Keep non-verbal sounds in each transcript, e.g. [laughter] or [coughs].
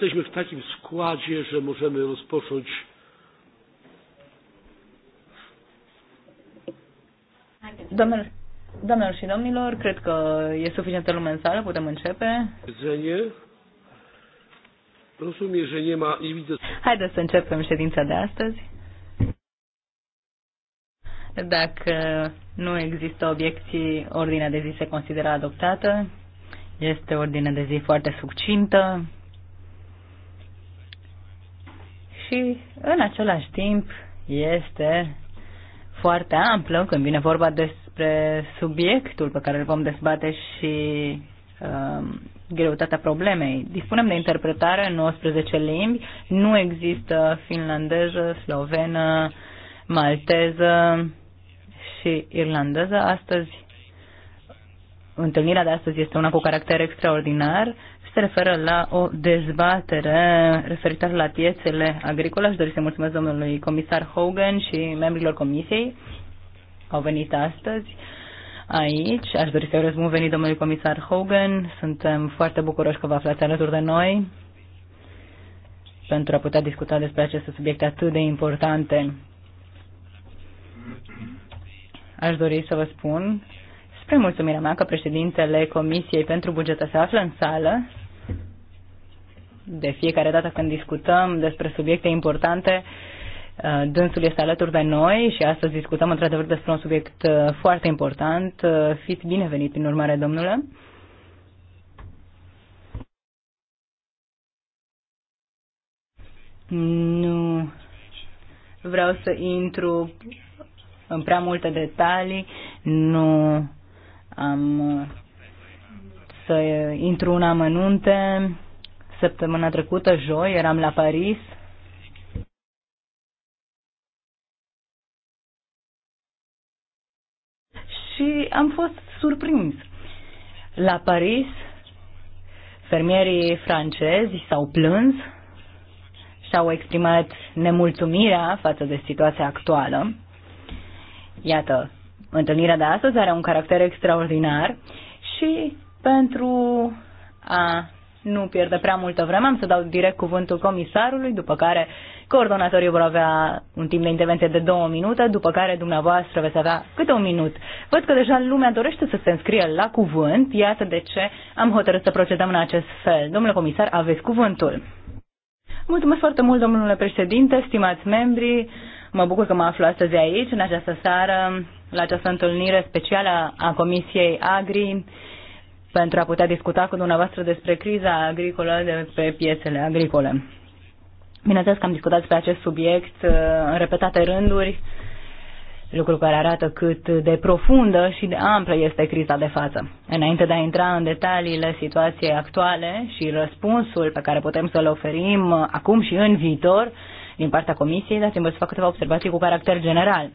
jesteśmy w takim składzie, że możemy rozpocząć. Domnul, doamnelor și domnilor, cred că e suficientă lume în sală, putem începe. Haideți să începem ședința de astăzi. Dacă nu există obiecții, ordinea de zi se consideră adoptată. Este ordinea de zi foarte succintă. și în același timp este foarte amplă când vine vorba despre subiectul pe care îl vom dezbate și uh, greutatea problemei. Dispunem de interpretare în 19 limbi, nu există finlandeză, slovenă, malteză și irlandeză. Astăzi, întâlnirea de astăzi este una cu caracter extraordinar se referă la o dezbatere referitoare la piețele agricole. Aș dori să mulțumesc domnului comisar Hogan și membrilor comisiei au venit astăzi aici. Aș dori să vă bun venit domnului comisar Hogan. Suntem foarte bucuroși că vă aflați alături de noi pentru a putea discuta despre aceste subiecte atât de importante. Aș dori să vă spun, spre mulțumirea mea, că președintele Comisiei pentru Bugetă se află în sală de fiecare dată când discutăm despre subiecte importante, uh, dânsul este alături de noi și astăzi discutăm într-adevăr despre un subiect uh, foarte important. Uh, fiți binevenit, prin urmare, domnule. Nu vreau să intru în prea multe detalii, nu am să intru în amănunte. Săptămâna trecută, joi, eram la Paris. Și am fost surprins. La Paris, fermierii francezi s-au plâns și-au exprimat nemulțumirea față de situația actuală. Iată, întâlnirea de astăzi are un caracter extraordinar și pentru a nu pierde prea multă vreme, am să dau direct cuvântul comisarului, după care coordonatorii vor avea un timp de intervenție de două minute, după care dumneavoastră veți avea câte un minut. Văd că deja lumea dorește să se înscrie la cuvânt, iată de ce am hotărât să procedăm în acest fel. Domnule comisar, aveți cuvântul. Mulțumesc foarte mult, domnule președinte, stimați membri, mă bucur că mă aflu astăzi aici, în această seară, la această întâlnire specială a Comisiei Agri, pentru a putea discuta cu dumneavoastră despre criza agricolă de pe piețele agricole. Bineînțeles că am discutat despre acest subiect uh, în repetate rânduri, lucru care arată cât de profundă și de amplă este criza de față. Înainte de a intra în detaliile situației actuale și răspunsul pe care putem să-l oferim acum și în viitor din partea Comisiei, dați-mi să fac câteva observații cu caracter general.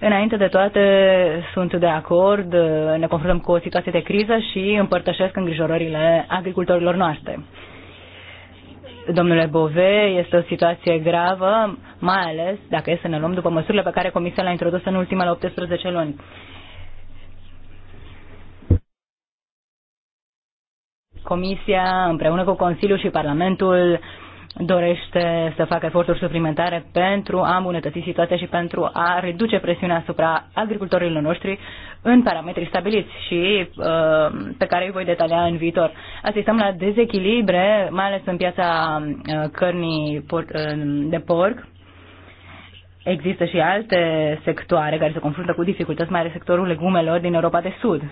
Înainte de toate, sunt de acord, ne confruntăm cu o situație de criză și împărtășesc îngrijorările agricultorilor noastre. Domnule Bove, este o situație gravă, mai ales dacă e să ne luăm după măsurile pe care Comisia le-a introdus în ultimele 18 luni. Comisia, împreună cu Consiliul și Parlamentul, dorește să facă eforturi suplimentare pentru a îmbunătăți situația și pentru a reduce presiunea asupra agricultorilor noștri în parametri stabiliți și uh, pe care îi voi detalia în viitor. Asistăm la dezechilibre, mai ales în piața uh, cărnii por- uh, de porc. Există și alte sectoare care se confruntă cu dificultăți, mai ales sectorul legumelor din Europa de Sud.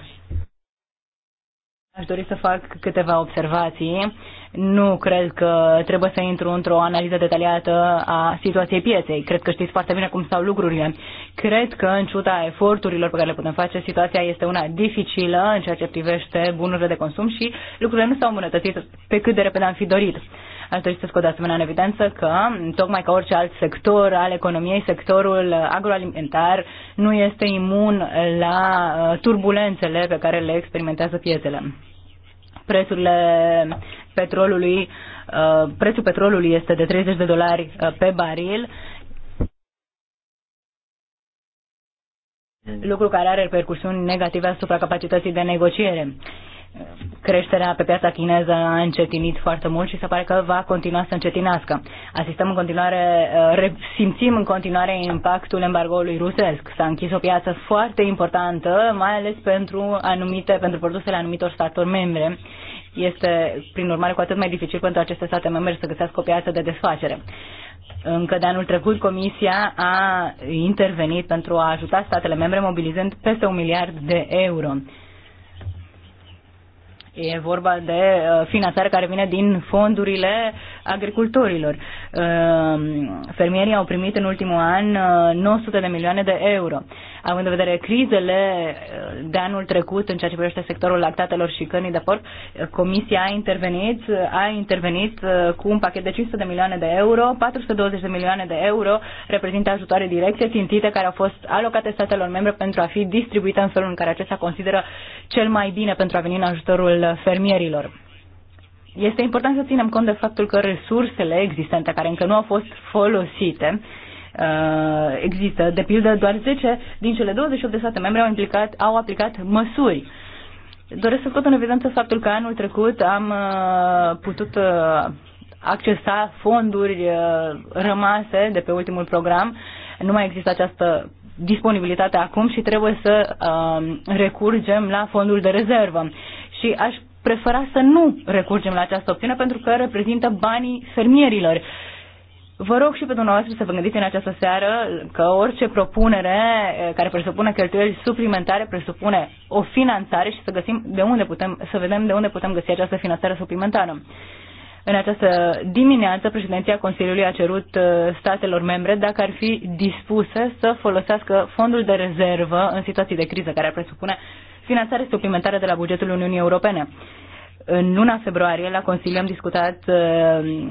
Aș dori să fac câteva observații. Nu cred că trebuie să intru într-o analiză detaliată a situației pieței. Cred că știți foarte bine cum stau lucrurile. Cred că, în ciuda eforturilor pe care le putem face, situația este una dificilă în ceea ce privește bunurile de consum și lucrurile nu s-au îmbunătățit pe cât de repede am fi dorit. Aș dori să scot de asemenea în evidență că, tocmai ca orice alt sector al economiei, sectorul agroalimentar nu este imun la uh, turbulențele pe care le experimentează piețele. Prețurile petrolului, uh, prețul petrolului este de 30 de dolari uh, pe baril, lucru care are repercusiuni negative asupra capacității de negociere creșterea pe piața chineză a încetinit foarte mult și se pare că va continua să încetinească. Asistăm în continuare, uh, simțim în continuare impactul embargoului rusesc. S-a închis o piață foarte importantă, mai ales pentru anumite, pentru produsele anumitor statori membre. Este, prin urmare, cu atât mai dificil pentru aceste state membre să găsească o piață de desfacere. Încă de anul trecut, Comisia a intervenit pentru a ajuta statele membre mobilizând peste un miliard de euro. E vorba de uh, finanțare care vine din fondurile agricultorilor. Ehm, fermierii au primit în ultimul an 900 eh, de milioane de euro. Având în vedere crizele eh, de anul trecut în ceea ce privește sectorul lactatelor și cărnii de porc, eh, Comisia a intervenit, a intervenit cu un pachet de 500 de milioane de euro, 420 de milioane de euro reprezintă ajutoare directe țintite care au fost alocate statelor membre pentru a fi distribuite în felul în care acestea consideră cel mai bine pentru a veni în ajutorul fermierilor este important să ținem cont de faptul că resursele existente, care încă nu au fost folosite, uh, există. De pildă, doar 10 din cele 28 de state membre au, implicat, au aplicat măsuri. Doresc să scot în evidență faptul că anul trecut am uh, putut uh, accesa fonduri rămase de pe ultimul program. Nu mai există această disponibilitate acum și trebuie să recurgem la fondul de rezervă. Și aș prefera să nu recurgem la această opțiune pentru că reprezintă banii fermierilor. Vă rog și pe dumneavoastră să vă gândiți în această seară că orice propunere eh, care presupune cheltuieli suplimentare presupune o finanțare și să găsim de unde putem, să vedem de unde putem găsi această finanțare suplimentară. În această dimineață, președinția Consiliului a cerut eh, statelor membre dacă ar fi dispuse să folosească fondul de rezervă în situații de criză, care presupune finanțare suplimentară de la bugetul Uniunii Europene. În luna februarie, la Consiliu, am discutat uh,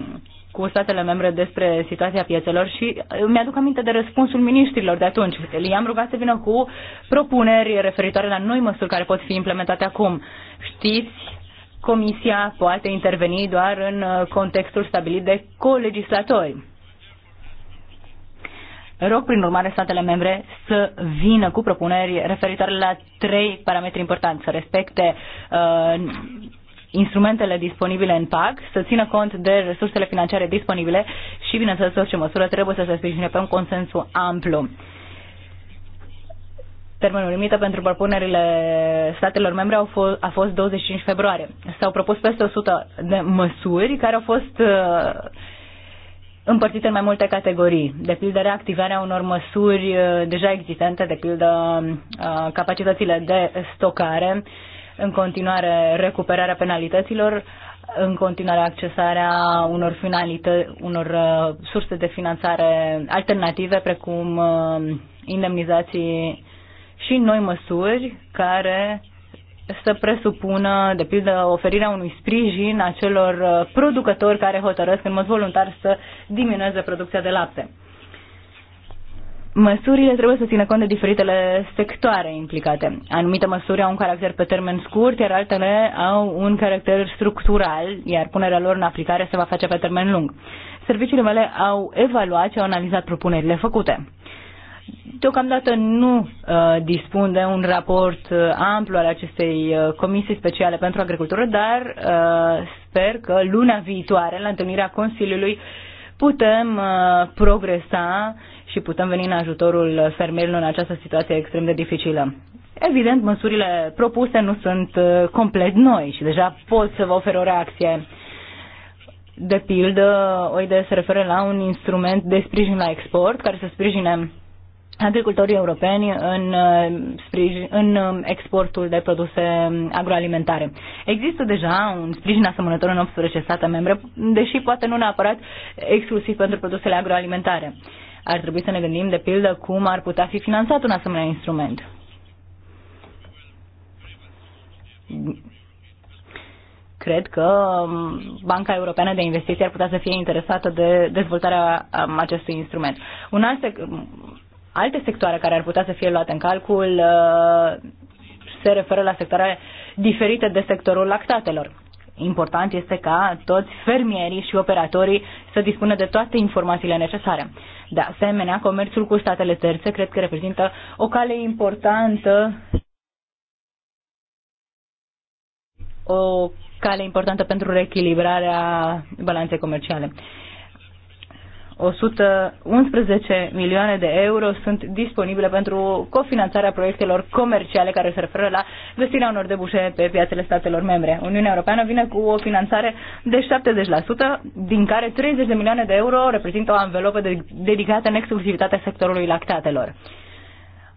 cu statele membre despre situația piețelor și uh, mi-aduc aminte de răspunsul ministrilor de atunci. I-am rugat să vină cu propuneri referitoare la noi măsuri care pot fi implementate acum. Știți Comisia poate interveni doar în uh, contextul stabilit de colegislatori. Rog, prin urmare, statele membre să vină cu propuneri referitoare la trei parametri importanți, să respecte uh, instrumentele disponibile în PAC, să țină cont de resursele financiare disponibile și, bineînțeles, orice măsură trebuie să se sprijine pe un consensu amplu. Termenul limită pentru propunerile statelor membre au fost, a fost 25 februarie. S-au propus peste 100 de măsuri care au fost uh, împărțite în mai multe categorii, de pildă reactivarea unor măsuri uh, deja existente, de pildă uh, capacitățile de stocare, în continuare recuperarea penalităților, în continuare accesarea unor, finalită, unor uh, surse de finanțare alternative, precum indemnizații și noi măsuri care să presupună, de pildă, oferirea unui sprijin acelor uh, producători care hotărăsc în mod voluntar să diminueze producția de lapte. Măsurile trebuie să țină cont de diferitele sectoare implicate. Anumite măsuri au un caracter pe termen scurt, iar altele au un caracter structural, iar punerea lor în aplicare se va face pe termen lung. Serviciile mele au evaluat și au analizat propunerile făcute. Deocamdată nu uh, dispun de un raport uh, amplu al acestei uh, comisii speciale pentru agricultură, dar uh, sper că luna viitoare, la întâlnirea Consiliului, putem uh, progresa și putem veni în ajutorul fermierilor în această situație extrem de dificilă. Evident, măsurile propuse nu sunt uh, complet noi și deja pot să vă ofer o reacție. De pildă, o idee se referă la un instrument de sprijin la export care să sprijine agricultorii europeni în, uh, în um, exportul de produse um, agroalimentare. Există deja un sprijin asemănător în 18 state membre, deși poate nu neapărat exclusiv pentru produsele agroalimentare. Ar trebui să ne gândim, de pildă, cum ar putea fi finanțat un asemenea instrument. Cred că um, Banca Europeană de Investiții ar putea să fie interesată de dezvoltarea acestui instrument. Un alt alte sectoare care ar putea să fie luate în calcul uh, se referă la sectoare diferite de sectorul lactatelor. Important este ca toți fermierii și operatorii să dispună de toate informațiile necesare. De asemenea, comerțul cu statele terțe cred că reprezintă o cale importantă o cale importantă pentru reechilibrarea balanței comerciale. 111 milioane de euro sunt disponibile pentru cofinanțarea proiectelor comerciale care se referă la găsirea unor debușe pe piațele statelor membre. Uniunea Europeană vine cu o finanțare de 70%, din care 30 de milioane de euro reprezintă o anvelopă de, dedicată în exclusivitate sectorului lactatelor.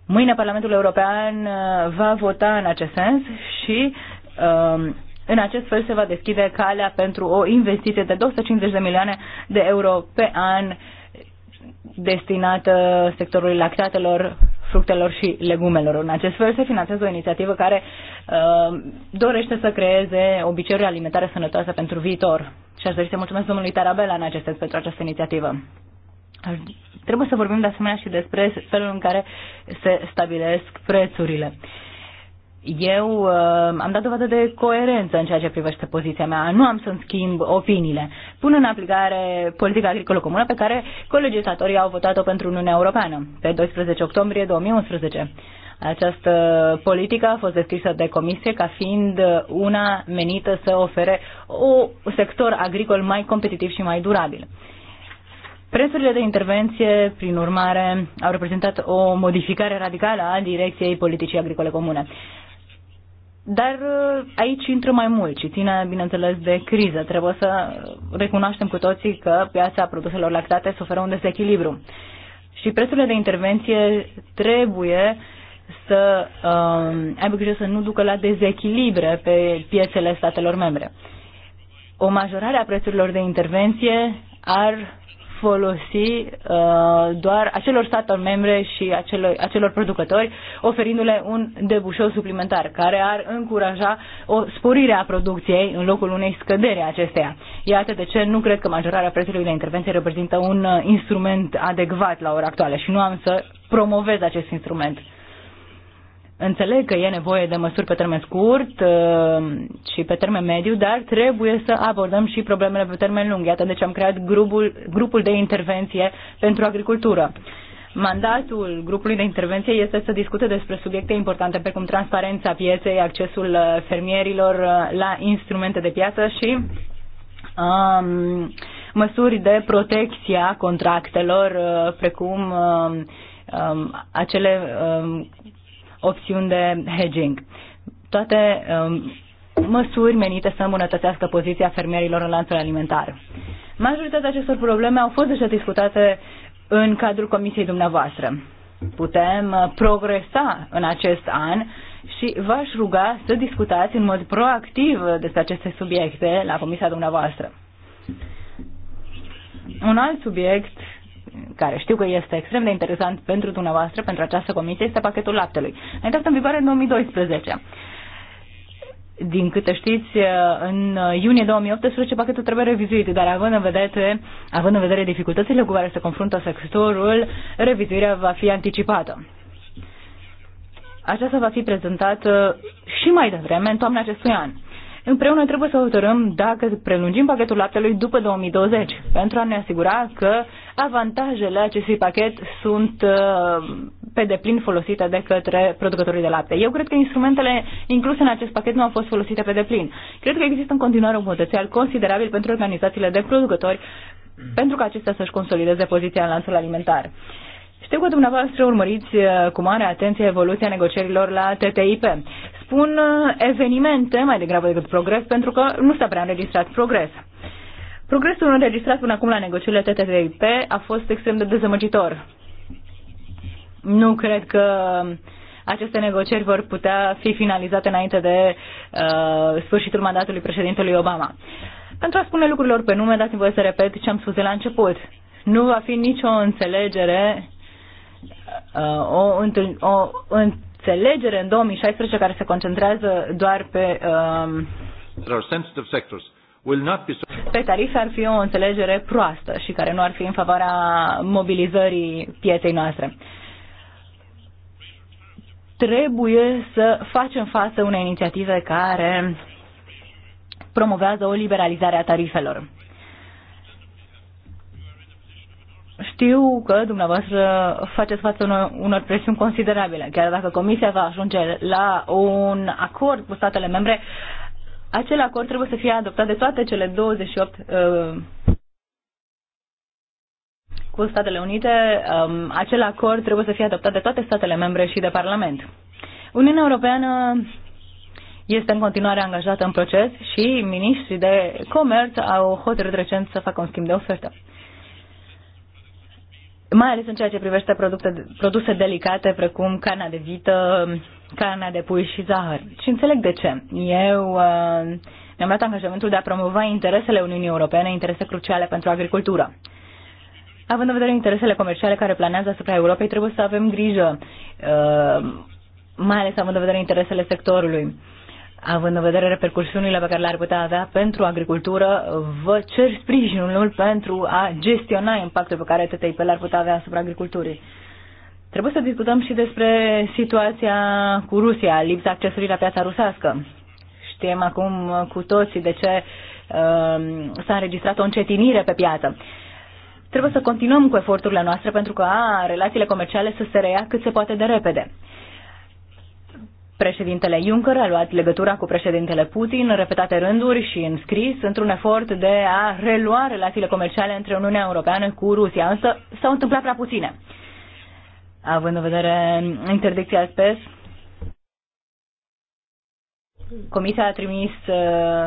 Mâine Parlamentul European uh, va vota în acest sens și um, în acest fel se va deschide calea pentru o investiție de 250 de milioane de euro pe an destinată sectorului lactatelor, fructelor și legumelor. În acest fel se finanțează o inițiativă care uh, dorește să creeze obiceiuri alimentare sănătoase pentru viitor. Și aș dori să mulțumesc domnului Tarabela în acest sens pentru această inițiativă. Trebuie să vorbim de asemenea și despre felul în care se stabilesc prețurile. Uh, eu uh, am dat dovadă de coerență în ceea ce privește poziția mea. Nu am să-mi schimb opiniile. Pun în aplicare politica agricolă comună pe care colegislatorii au votat-o pentru Uniunea Europeană pe 12 octombrie 2011. Această politică a fost descrisă de comisie ca fiind una menită să ofere un sector agricol mai competitiv și mai durabil. Prețurile de intervenție, prin urmare, au reprezentat o modificare radicală a direcției politicii agricole comune. Dar uh, aici intră mai mult și ține, bineînțeles, de criză. Trebuie să recunoaștem cu toții că piața produselor lactate suferă un dezechilibru. Și prețurile de intervenție trebuie să um, aibă grijă să nu ducă la dezechilibre pe piețele statelor membre. O majorare a prețurilor de intervenție ar folosi uh, doar acelor statelor membre și acelor, acelor producători, oferindu-le un debușor suplimentar, care ar încuraja o sporire a producției în locul unei scădere a acesteia. Iată de ce nu cred că majorarea prețului de intervenție reprezintă un uh, instrument adecvat la ora actuală și nu am să promovez acest instrument. Înțeleg că e nevoie de măsuri pe termen scurt uh, și pe termen mediu, dar trebuie să abordăm și problemele pe termen lung. Iată, deci am creat grupul, grupul de intervenție pentru agricultură. Mandatul grupului de intervenție este să discute despre subiecte importante precum transparența pieței, accesul uh, fermierilor uh, la instrumente de piață și um, măsuri de protecție a contractelor, precum um, um, acele um, opțiuni de hedging. Toate um, măsuri menite să îmbunătățească poziția fermierilor în lanțul alimentar. Majoritatea acestor probleme au fost deja discutate în cadrul comisiei dumneavoastră. Putem uh, progresa în acest an și v-aș ruga să discutați în mod proactiv despre aceste subiecte la comisia dumneavoastră. Un alt subiect care știu că este extrem de interesant pentru dumneavoastră, pentru această comisie, este pachetul laptelui. A intrat în vigoare în 2012. Din câte știți, în iunie 2018 pachetul trebuie revizuit, dar având în, vedere, având în vedere dificultățile cu care se confruntă sectorul, revizuirea va fi anticipată. Aceasta va fi prezentată și mai devreme, în toamna acestui an. Împreună trebuie să hotărâm dacă prelungim pachetul laptelui după 2020, pentru a ne asigura că avantajele acestui pachet sunt uh, pe deplin folosite de către producătorii de lapte. Eu cred că instrumentele incluse în acest pachet nu au fost folosite pe deplin. Cred că există în continuare un potențial considerabil pentru organizațiile de producători pentru ca acestea să-și consolideze poziția în lanțul alimentar. Știu că dumneavoastră urmăriți uh, cu mare atenție evoluția negocierilor la TTIP. Spun uh, evenimente mai degrabă decât progres, pentru că nu s-a prea înregistrat progres. Progresul înregistrat până acum la negocierile TTIP a fost extrem de dezamăgitor. Nu cred că aceste negocieri vor putea fi finalizate înainte de uh, sfârșitul mandatului președintelui Obama. Pentru a spune lucrurilor pe nume, dați-mi voie să repet ce am spus de la început. Nu va fi nicio înțelegere, uh, o, întâl- o înțelegere în 2016 care se concentrează doar pe. Uh, There are sensitive sectors pe tarife ar fi o înțelegere proastă și care nu ar fi în favoarea mobilizării pieței noastre. Trebuie să facem față unei inițiative care promovează o liberalizare a tarifelor. Știu că dumneavoastră faceți față unor, unor presiuni considerabile. Chiar dacă Comisia va ajunge la un acord cu statele membre, acel acord trebuie să fie adoptat de toate cele 28 uh, cu Statele Unite, um, acel acord trebuie să fie adoptat de toate statele membre și de Parlament. Uniunea Europeană este în continuare angajată în proces și ministrii de comerț au hotărât recent să facă un schimb de ofertă mai ales în ceea ce privește produse, produse delicate precum carnea de vită, carnea de pui și zahăr. Și înțeleg de ce. Eu uh, mi-am luat angajamentul de a promova interesele Uniunii Europene, interese cruciale pentru agricultură. Având în vedere interesele comerciale care planează asupra Europei, trebuie să avem grijă, uh, mai ales având în vedere interesele sectorului având în vedere repercursiunile pe care le-ar putea avea pentru agricultură, vă cer sprijinul pentru a gestiona impactul pe care TTIP l-ar putea avea asupra agriculturii. Trebuie să discutăm și despre situația cu Rusia, lipsa accesului la piața rusească. Știm acum cu toții de ce uh, s-a înregistrat o încetinire pe piață. Trebuie să continuăm cu eforturile noastre pentru ca a, relațiile comerciale să se reia cât se poate de repede. Președintele Juncker a luat legătura cu președintele Putin în repetate rânduri și în scris într-un efort de a relua relațiile comerciale între Uniunea Europeană cu Rusia, însă s-au întâmplat prea puține. Având în vedere interdicția SPES, Comisia a trimis uh,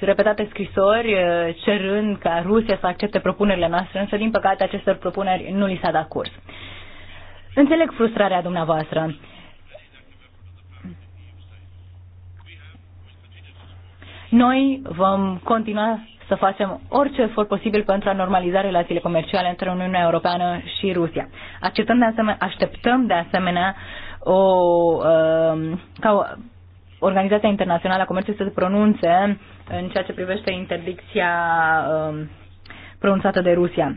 repetate scrisori uh, cerând ca Rusia să accepte propunerile noastre, însă din păcate acestor propuneri nu li s-a dat curs. Înțeleg frustrarea dumneavoastră. Noi vom continua să facem orice efort posibil pentru a normaliza relațiile comerciale între Uniunea Europeană și Rusia. Așteptăm de asemenea, așteptăm de asemenea o, um, ca Organizația Internațională a Comerțului să se pronunțe în ceea ce privește interdicția um, pronunțată de Rusia.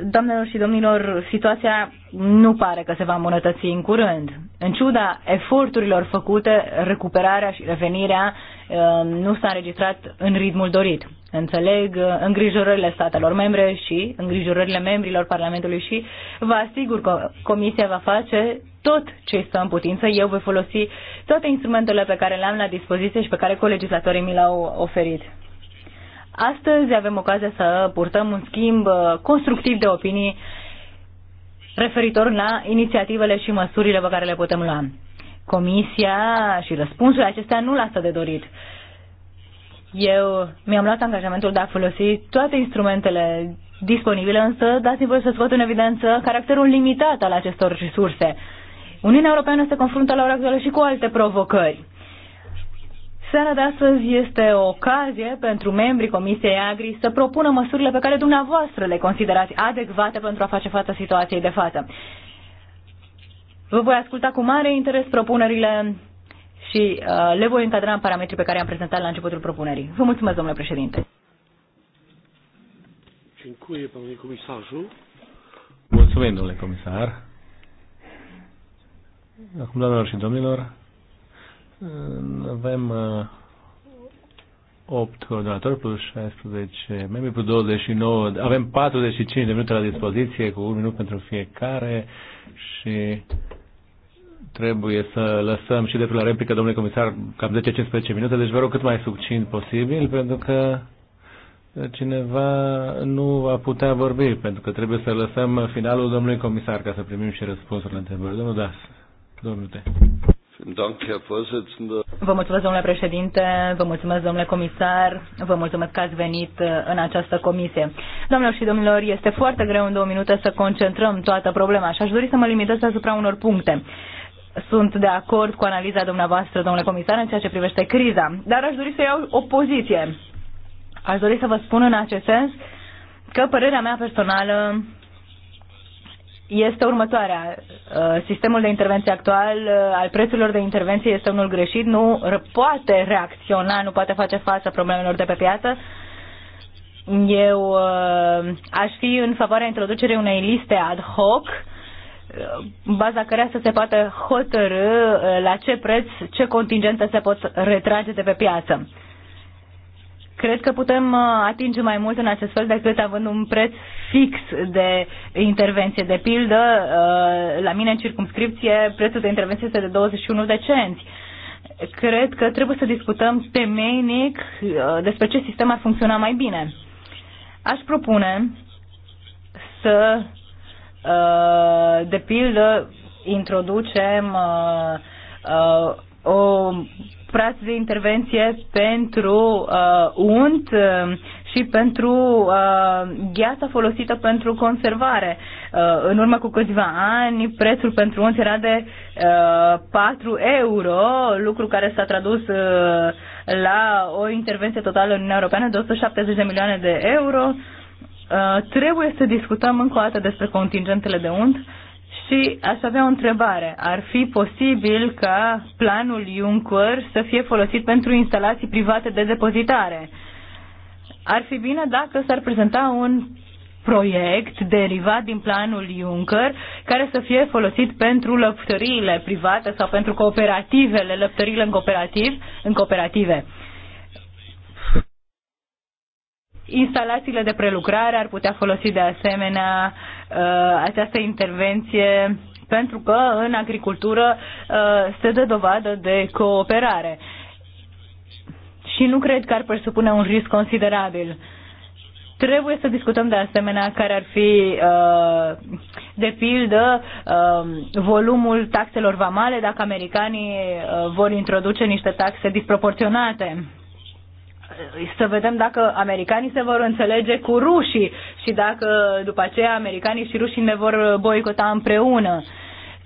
Doamnelor și domnilor, situația nu pare că se va îmbunătăți în curând. În ciuda eforturilor făcute, recuperarea și revenirea uh, nu s-a înregistrat în ritmul dorit. Înțeleg uh, îngrijorările statelor membre și îngrijorările membrilor Parlamentului și vă asigur că Comisia va face tot ce stă în putință. Eu voi folosi toate instrumentele pe care le am la dispoziție și pe care colegislatorii mi l au oferit. Astăzi avem ocazia să purtăm un schimb uh, constructiv de opinii referitor la inițiativele și măsurile pe care le putem lua. Comisia și răspunsul acestea nu lasă de dorit. Eu mi-am luat angajamentul de a folosi toate instrumentele disponibile, însă dați-mi voi să scot în evidență caracterul limitat al acestor resurse. Uniunea Europeană se confruntă la ora actuală și cu alte provocări. Seara de astăzi este o ocazie pentru membrii Comisiei Agri să propună măsurile pe care dumneavoastră le considerați adecvate pentru a face față situației de față. Vă voi asculta cu mare interes propunerile și uh, le voi încadra în parametrii pe care am prezentat la începutul propunerii. Vă mulțumesc, domnule președinte. Dziękuję, Mulțumim, domnule comisar. Acum, doamnelor și domnilor, avem 8 uh, coordonatori plus 16 membri plus 29. Avem 45 de minute la dispoziție cu un minut pentru fiecare și trebuie să lăsăm și de la replică, domnule comisar, cam 10-15 minute, deci vă rog cât mai succint posibil, pentru că cineva nu va putea vorbi, pentru că trebuie să lăsăm finalul domnului comisar ca să primim și răspunsul la întrebări. Domnul Das, două minute. Vă mulțumesc, domnule președinte, vă mulțumesc, domnule comisar, vă mulțumesc că ați venit uh, în această comisie. Doamnelor și domnilor, este foarte greu în două minute să concentrăm toată problema și aș dori să mă limitez asupra unor puncte. Sunt de acord cu analiza dumneavoastră, domnule comisar, în ceea ce privește criza, dar aș dori să iau o poziție. Aș dori să vă spun în acest sens că părerea mea personală este următoarea. Uh, sistemul de intervenție actual uh, al prețurilor de intervenție este unul greșit, nu poate reacționa, nu poate face față problemelor de pe piață. Eu uh, aș fi în favoarea introducerii unei liste ad hoc baza căreia să se poată hotărâ la ce preț, ce contingentă se pot retrage de pe piață. Cred că putem uh, atinge mai mult în acest fel decât având un preț fix de intervenție. De pildă, uh, la mine în circumscripție, prețul de intervenție este de 21 de cenți cred că trebuie să discutăm temeinic uh, despre ce sistem ar funcționa mai bine. Aș propune să, de pildă, introducem o braț de intervenție pentru uh, unt uh, și pentru uh, gheața folosită pentru conservare. Uh, în urmă cu câțiva ani, prețul pentru unt era de uh, 4 euro, lucru care s-a tradus uh, la o intervenție totală în Uniunea Europeană de 170 de milioane de euro. Uh, trebuie să discutăm încă o dată despre contingentele de unt. Uh, și aș avea o întrebare. Ar fi posibil ca planul Juncker să fie folosit pentru instalații private de depozitare? Ar fi bine dacă s-ar prezenta un proiect derivat din planul Juncker care să fie folosit pentru lăptăriile private sau pentru cooperativele, lăptăriile în, cooperativ, în cooperative. Instalațiile de prelucrare ar putea folosi de asemenea uh, Uh, această intervenție pentru că în agricultură uh, se dă dovadă de cooperare și nu cred că ar presupune un risc considerabil. Trebuie să discutăm de asemenea care ar fi, uh, de pildă, um, volumul taxelor vamale dacă americanii vor introduce niște taxe disproporționate să vedem dacă americanii se vor înțelege cu rușii și dacă după aceea americanii și rușii ne vor boicota împreună.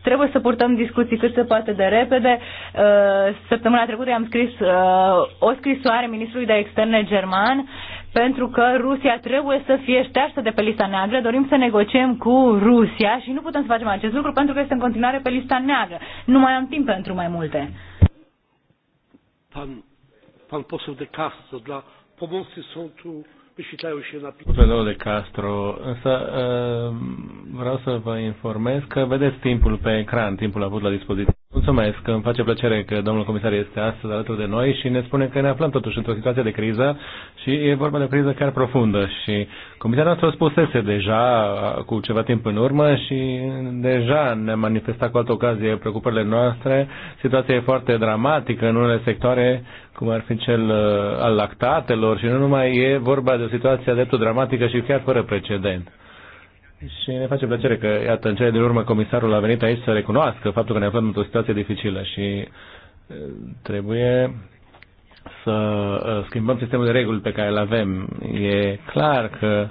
Trebuie să purtăm discuții cât se poate de repede. Uh, săptămâna trecută am scris uh, o scrisoare ministrului de externe german pentru că Rusia trebuie să fie ștearsă de pe lista neagră. Dorim să negociem cu Rusia și nu putem să facem acest lucru pentru că este în continuare pe lista neagră. Nu mai am timp pentru mai multe. Pardon pan poseł De Castro dla pomocy są tu wyświetlają się na Domnul De Castro, să, vreau să vă informez că vedeți timpul pe ecran, timpul avut la dispoziție. Mulțumesc, îmi face plăcere că domnul comisar este astăzi alături de noi și ne spune că ne aflăm totuși într-o situație de criză și e vorba de o criză chiar profundă și comisarul nostru spusese deja cu ceva timp în urmă și deja ne-a manifestat cu altă ocazie preocupările noastre. Situația e foarte dramatică în unele sectoare, cum ar fi cel uh, al lactatelor și nu numai e vorba de o situație de dreptul dramatică și chiar fără precedent și ne face plăcere că, iată, în cele din urmă comisarul a venit aici să recunoască faptul că ne aflăm într-o situație dificilă și trebuie să schimbăm sistemul de reguli pe care îl avem. E clar că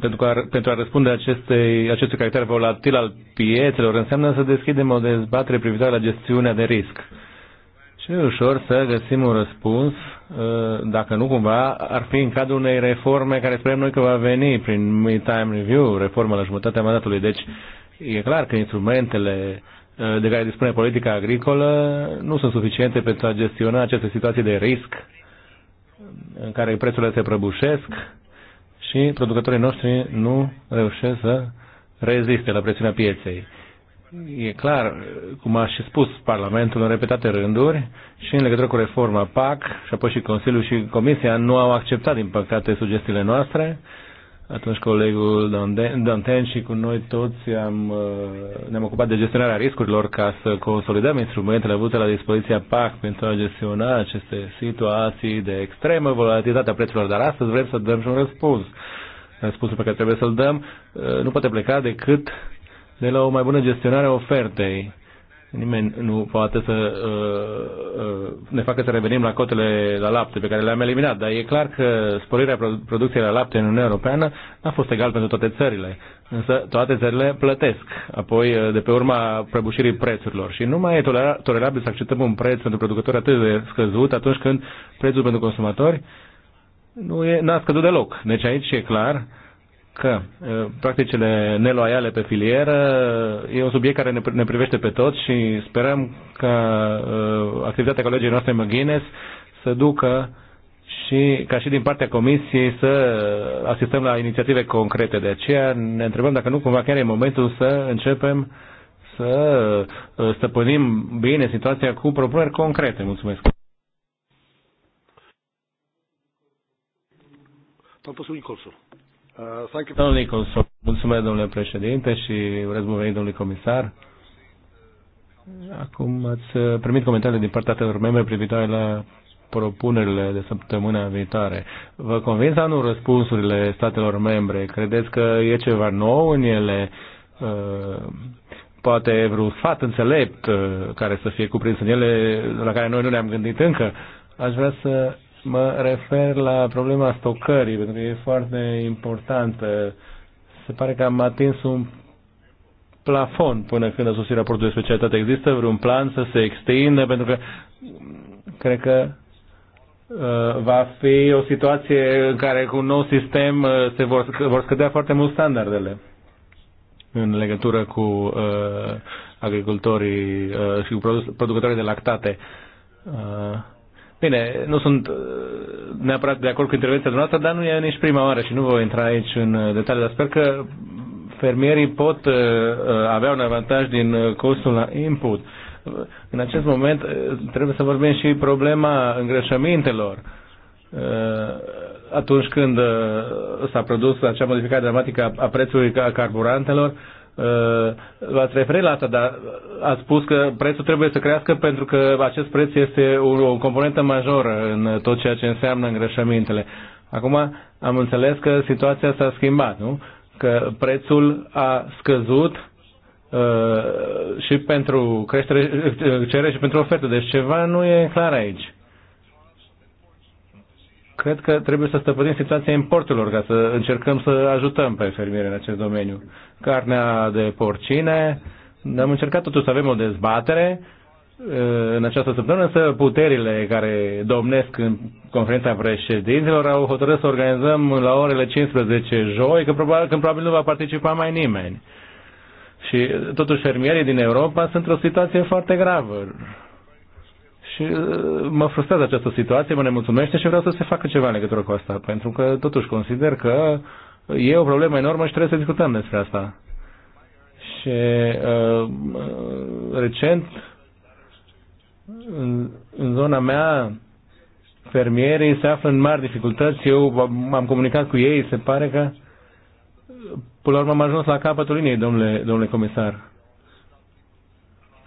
pentru a, pentru a răspunde acestei, acestui caracter volatil al piețelor, înseamnă să deschidem o dezbatere privitoare la gestiunea de risc. Și e ușor să găsim un răspuns, ă, dacă nu cumva, ar fi în cadrul unei reforme care sperăm noi că va veni prin mid-time review, reforma la jumătatea mandatului. Deci e clar că instrumentele ă, de care dispune politica agricolă nu sunt suficiente pentru a gestiona aceste situații de risc în care prețurile se prăbușesc și producătorii noștri nu reușesc să reziste la presiunea pieței e clar, cum a și spus Parlamentul în repetate rânduri, și în legătură cu reforma PAC, și apoi și Consiliul și Comisia nu au acceptat, din păcate, sugestiile noastre. Atunci colegul Danten și cu noi toți am, uh, ne-am ocupat de gestionarea riscurilor ca să consolidăm instrumentele avute la dispoziția PAC pentru a gestiona aceste situații de extremă volatilitate a prețurilor, dar astăzi vrem să dăm și un răspuns. Răspunsul pe care trebuie să-l dăm uh, nu poate pleca decât de la o mai bună gestionare a ofertei. Nimeni nu poate să uh, uh, ne facă să revenim la cotele la lapte pe care le-am eliminat, dar e clar că sporirea producției la lapte în Uniunea Europeană n-a fost egal pentru toate țările. Însă toate țările plătesc apoi uh, de pe urma prăbușirii prețurilor și nu mai e tolerabil să acceptăm un preț pentru producători atât de scăzut atunci când prețul pentru consumatori nu e, n-a scăzut deloc. Deci aici e clar că practicile neloiale pe filieră e un subiect care ne, privește pe toți și sperăm că activitatea colegii noastre McGuinness să ducă și ca și din partea Comisiei să asistăm la inițiative concrete. De aceea ne întrebăm dacă nu cumva chiar e momentul să începem să stăpânim bine situația cu propuneri concrete. Mulțumesc! Pan poseł Nikolson. Uh, thank you. mulțumesc domnule președinte și urez bun venit domnului comisar. Acum ați uh, primit comentariile din partea tăilor membre privitoare la propunerile de săptămâna viitoare. Vă convins sau nu răspunsurile statelor membre? Credeți că e ceva nou în ele? Uh, poate vreun sfat înțelept care să fie cuprins în ele, la care noi nu ne-am gândit încă? Aș vrea să Mă refer la problema stocării, pentru că e foarte importantă. Se pare că am atins un plafon până când a sosit raportul de specialitate. Există vreun plan să se extindă? Pentru că cred că uh, va fi o situație în care cu un nou sistem uh, se vor, vor scădea foarte mult standardele în legătură cu uh, agricultorii uh, și cu producătorii de lactate. Uh, Bine, nu sunt uh, neapărat de acord cu intervenția dumneavoastră, dar nu e nici prima oară și nu voi intra aici în uh, detalii, dar sper că fermierii pot uh, avea un avantaj din costul la input. În acest moment trebuie să vorbim și problema îngrășămintelor. Atunci când s-a produs acea modificare dramatică a prețului carburantelor, Uh, v-ați referit la asta, dar ați spus că prețul trebuie să crească pentru că acest preț este o, o componentă majoră în tot ceea ce înseamnă îngrășămintele. Acum am înțeles că situația s-a schimbat, nu? Că prețul a scăzut uh, și pentru creștere, uh, cerere și pentru ofertă. Deci ceva nu e clar aici cred că trebuie să stăpânim situația importurilor ca să încercăm să ajutăm pe fermieri în acest domeniu. Carnea de porcine, am încercat totuși să avem o dezbatere eh, în această săptămână, însă puterile care domnesc în conferința președinților au hotărât să organizăm la orele 15 joi, că probabil, când probabil nu va participa mai nimeni. Și totuși fermierii din Europa sunt într-o situație foarte gravă. Deci mă frustrează această situație, mă nemulțumește și vreau să se facă ceva în legătură cu asta, pentru că totuși consider că e o problemă enormă și trebuie să discutăm despre asta. Și uh, recent, în, în zona mea, fermierii se află în mari dificultăți. Eu am comunicat cu ei, se pare că până la urmă am ajuns la capătul liniei, domnule, domnule comisar.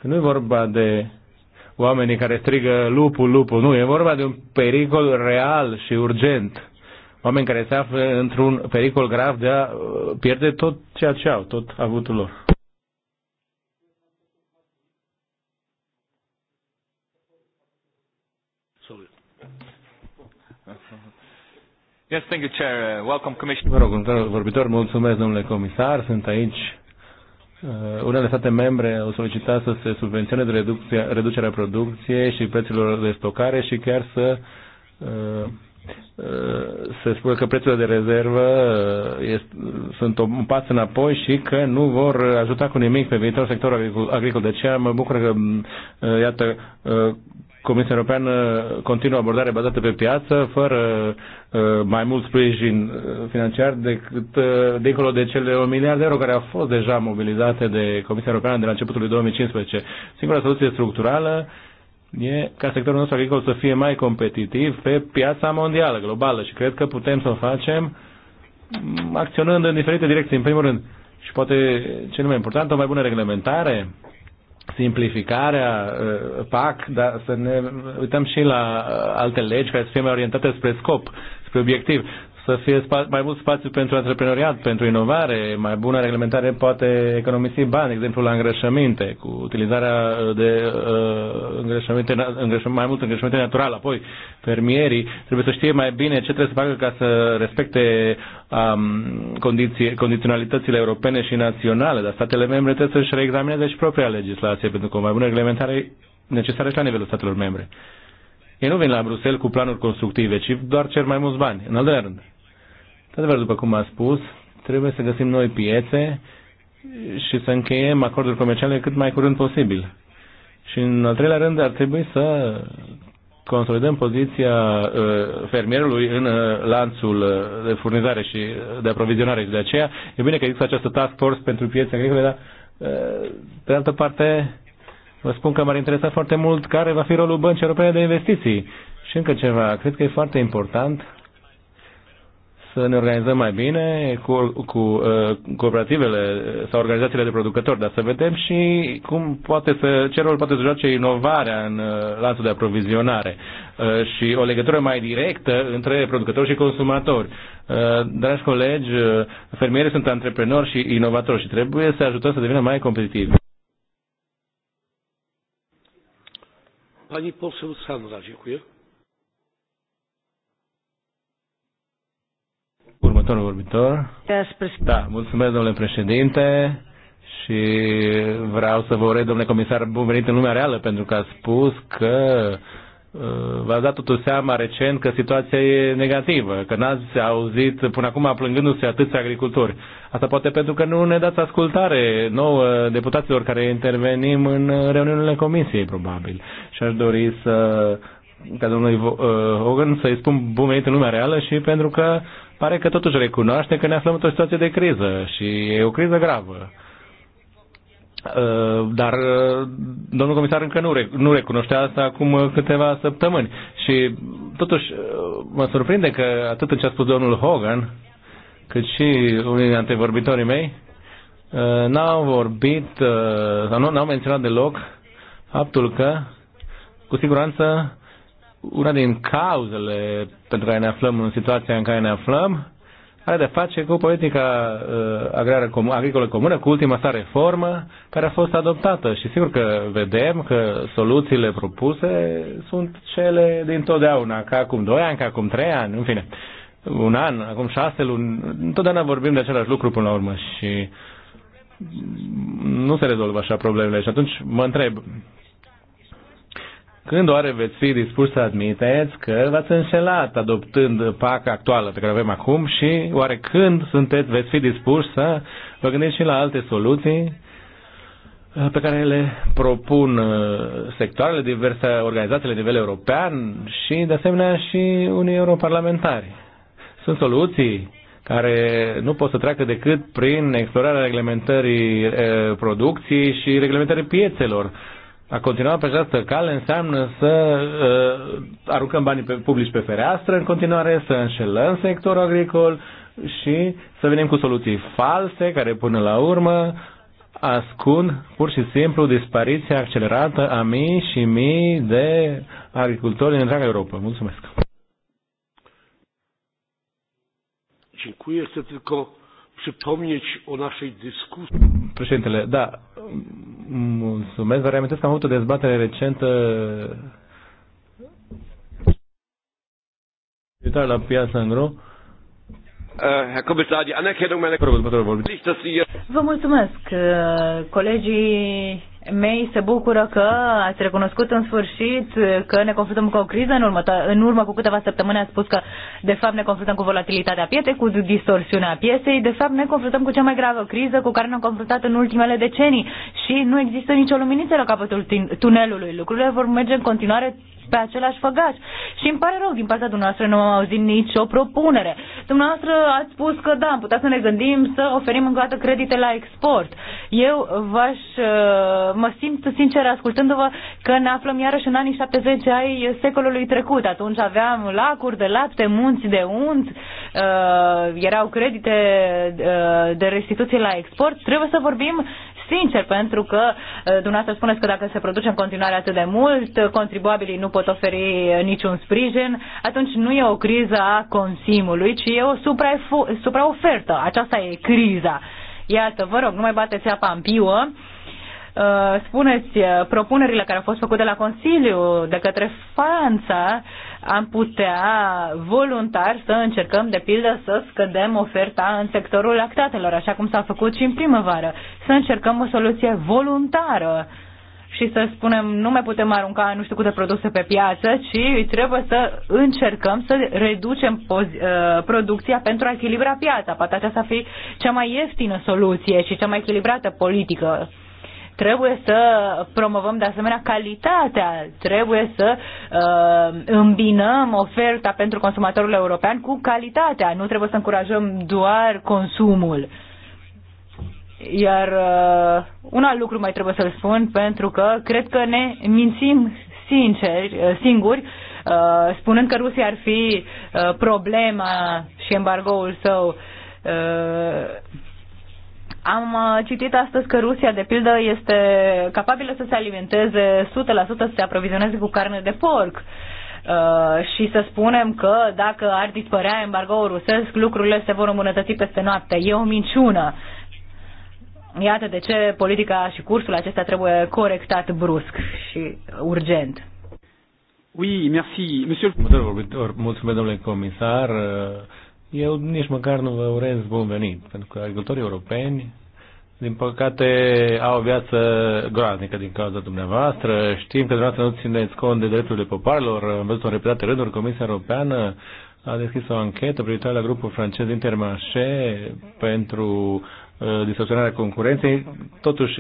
Că nu e vorba de oamenii care strigă lupul, lupul. Nu, e vorba de un pericol real și urgent. Oameni care se află într-un pericol grav de a uh, pierde tot ceea ce au, tot avutul lor. Yes, thank you, Chair. Uh, welcome, Commissioner. Vă rog, vorbitor, mulțumesc, domnule comisar. Sunt aici Uh, unele state membre au solicitat să se subvenționeze reducerea producției și prețurilor de stocare și chiar să uh, uh, se spune că prețurile de rezervă este, sunt un pas înapoi și că nu vor ajuta cu nimic pe viitorul sector agricol. De deci, aceea mă bucur că, iată, Comisia Europeană continuă abordare bazată pe piață, fără uh, mai mult sprijin uh, financiar decât uh, dincolo de cele 1 miliard de euro care au fost deja mobilizate de Comisia Europeană de la începutul lui 2015. Singura soluție structurală e ca sectorul nostru agricol să fie mai competitiv pe piața mondială, globală și cred că putem să o facem mm, acționând în diferite direcții. În primul rând, și poate cel mai important, o mai bună reglementare simplificarea uh, PAC, dar să ne uităm și la uh, alte legi care să fie mai orientate spre scop, spre obiectiv să fie mai mult spațiu pentru antreprenoriat, pentru inovare, mai bună reglementare poate economisi bani, de exemplu la îngrășăminte, cu utilizarea uh, de uh, îngrășăminte, îngrășă, mai mult îngrășăminte natural. Apoi, fermierii trebuie să știe mai bine ce trebuie să facă ca să respecte um, condiții, condiționalitățile europene și naționale, dar statele membre trebuie să-și reexamineze și propria legislație, pentru că o mai bună reglementare necesară și la nivelul statelor membre. Ei nu vin la Bruxelles cu planuri constructive, ci doar cer mai mulți bani. În al doilea rând, Într-adevăr, după cum a spus, trebuie să găsim noi piețe și să încheiem acorduri comerciale cât mai curând posibil. Și în al treilea rând ar trebui să consolidăm poziția uh, fermierului în uh, lanțul uh, de furnizare și de aprovizionare și de aceea e bine că există această task force pentru piețe agricole, dar pe altă parte vă spun că m-ar interesa foarte mult care va fi rolul Băncii Europene de Investiții. Și încă ceva, cred că e foarte important să ne organizăm mai bine cu, cu uh, cooperativele sau organizațiile de producători, dar să vedem și cum poate să, ce rol poate să joace inovarea în uh, lanțul de aprovizionare uh, și o legătură mai directă între producători și consumatori. Uh, dragi colegi, uh, fermierii sunt antreprenori și inovatori și trebuie să ajutăm să devină mai competitivi. Pani poseł Sandra, dziękuję. Următorul vorbitor. Da, mulțumesc, domnule președinte. Și vreau să vă urez, domnule comisar, bun venit în lumea reală, pentru că a spus că uh, v-ați dat totuși seama recent că situația e negativă, că n-ați auzit până acum plângându-se atâția agricultori. Asta poate pentru că nu ne dați ascultare nouă deputaților care intervenim în reuniunile comisiei, probabil. Și aș dori să ca domnului uh, Hogan să-i spun bun venit în lumea reală și pentru că uh, pare că totuși recunoaște că ne aflăm într-o situație de criză și e o criză gravă. Uh, dar uh, domnul comisar încă nu, nu recunoștea asta acum câteva săptămâni. Și totuși uh, mă surprinde că atât în ce a spus domnul Hogan, cât și unii dintre antevorbitorii mei, n-au vorbit, sau nu, n-au menționat deloc faptul că, cu siguranță, una din cauzele pentru care ne aflăm în situația în care ne aflăm are de face cu politica uh, agrară com- agricolă comună, cu ultima sa reformă care a fost adoptată. Și sigur că vedem că soluțiile propuse sunt cele din totdeauna, ca acum 2 ani, ca acum 3 ani, în fine, un an, acum 6 luni. Întotdeauna vorbim de același lucru până la urmă și nu se rezolvă așa problemele. Și atunci mă întreb, când oare veți fi dispuși să admiteți că v-ați înșelat adoptând PAC actuală pe care o avem acum și oare când sunteți, veți fi dispuși să vă gândiți și la alte soluții uh, pe care le propun uh, sectoarele, diverse organizații la nivel european și, de asemenea, și unii europarlamentari. Sunt soluții care nu pot să treacă decât prin explorarea reglementării uh, producției și reglementării piețelor a continuat pe această cale înseamnă să uh, aruncăm banii pe, publici pe fereastră în continuare, să înșelăm sectorul agricol și să venim cu soluții false care până la urmă ascund pur și simplu dispariția accelerată a mii și mii de agricultori din întreaga Europa. Mulțumesc! Dziękuję. Chcę tylko przypomnieć o naszej dyskusji. Președintele, da, Mulțumesc. Vă reamintesc că am avut o dezbatere recentă privitoare la piața în eh, gru. Vă mulțumesc. Eh, colegii mei se bucură că ați recunoscut în sfârșit că ne confruntăm cu o criză. În urmă, în urmă cu câteva săptămâni ați spus că de fapt ne confruntăm cu volatilitatea pieței, cu distorsiunea pieței. De fapt ne confruntăm cu cea mai gravă criză cu care ne-am confruntat în ultimele decenii și nu există nicio luminiță la capătul tunelului. Lucrurile vor merge în continuare pe același făgaș. Și îmi pare rău, din partea dumneavoastră nu am auzit nicio propunere. Dumneavoastră ați spus că da, am putea să ne gândim să oferim încă o dată credite la export. Eu v-aș uh, mă simt sincer ascultându-vă că ne aflăm iarăși în anii 70 ai secolului trecut. Atunci aveam lacuri de lapte, munți de unt, uh, erau credite uh, de restituție la export. Trebuie să vorbim sincer, pentru că uh, dumneavoastră spuneți că dacă se produce în continuare atât de mult, contribuabilii nu pot oferi niciun sprijin, atunci nu e o criză a consumului, ci e o supraofertă. Aceasta e criza. Iată, vă rog, nu mai bateți apa în piuă. Uh, spuneți, uh, propunerile care au fost făcute la Consiliu de către Franța, am putea voluntar să încercăm, de pildă, să scădem oferta în sectorul lactatelor, așa cum s-a făcut și în primăvară, să încercăm o soluție voluntară și să spunem nu mai putem arunca nu știu câte produse pe piață, ci trebuie să încercăm să reducem uh, producția pentru a echilibra piața. Poate aceasta să fi cea mai ieftină soluție și cea mai echilibrată politică Trebuie să promovăm de asemenea calitatea, trebuie să uh, îmbinăm oferta pentru consumatorul european cu calitatea, nu trebuie să încurajăm doar consumul. Iar uh, un alt lucru mai trebuie să-l spun pentru că cred că ne mințim sinceri, uh, singuri, uh, spunând că Rusia ar fi uh, problema și embargoul său. Uh, am uh, citit astăzi că Rusia, de pildă, este capabilă să se alimenteze 100%, să se aprovizioneze cu carne de porc. Uh, și să spunem că dacă ar dispărea embargoul rusesc, lucrurile se vor îmbunătăți peste noapte. E o minciună. Iată de ce politica și cursul acesta trebuie corectat brusc și urgent. Oui, merci. Monsieur... Mulțumesc, domnule comisar. Eu nici măcar nu vă urez bun venit, pentru că agricultorii europeni, din păcate, au o viață groaznică din cauza dumneavoastră. Știm că dumneavoastră nu țineți cont de drepturile popoarelor. Am văzut în repetate rânduri Comisia Europeană a deschis o anchetă privitoare la grupul francez Intermarché pentru Uh, distorsionarea concurenței. Totuși,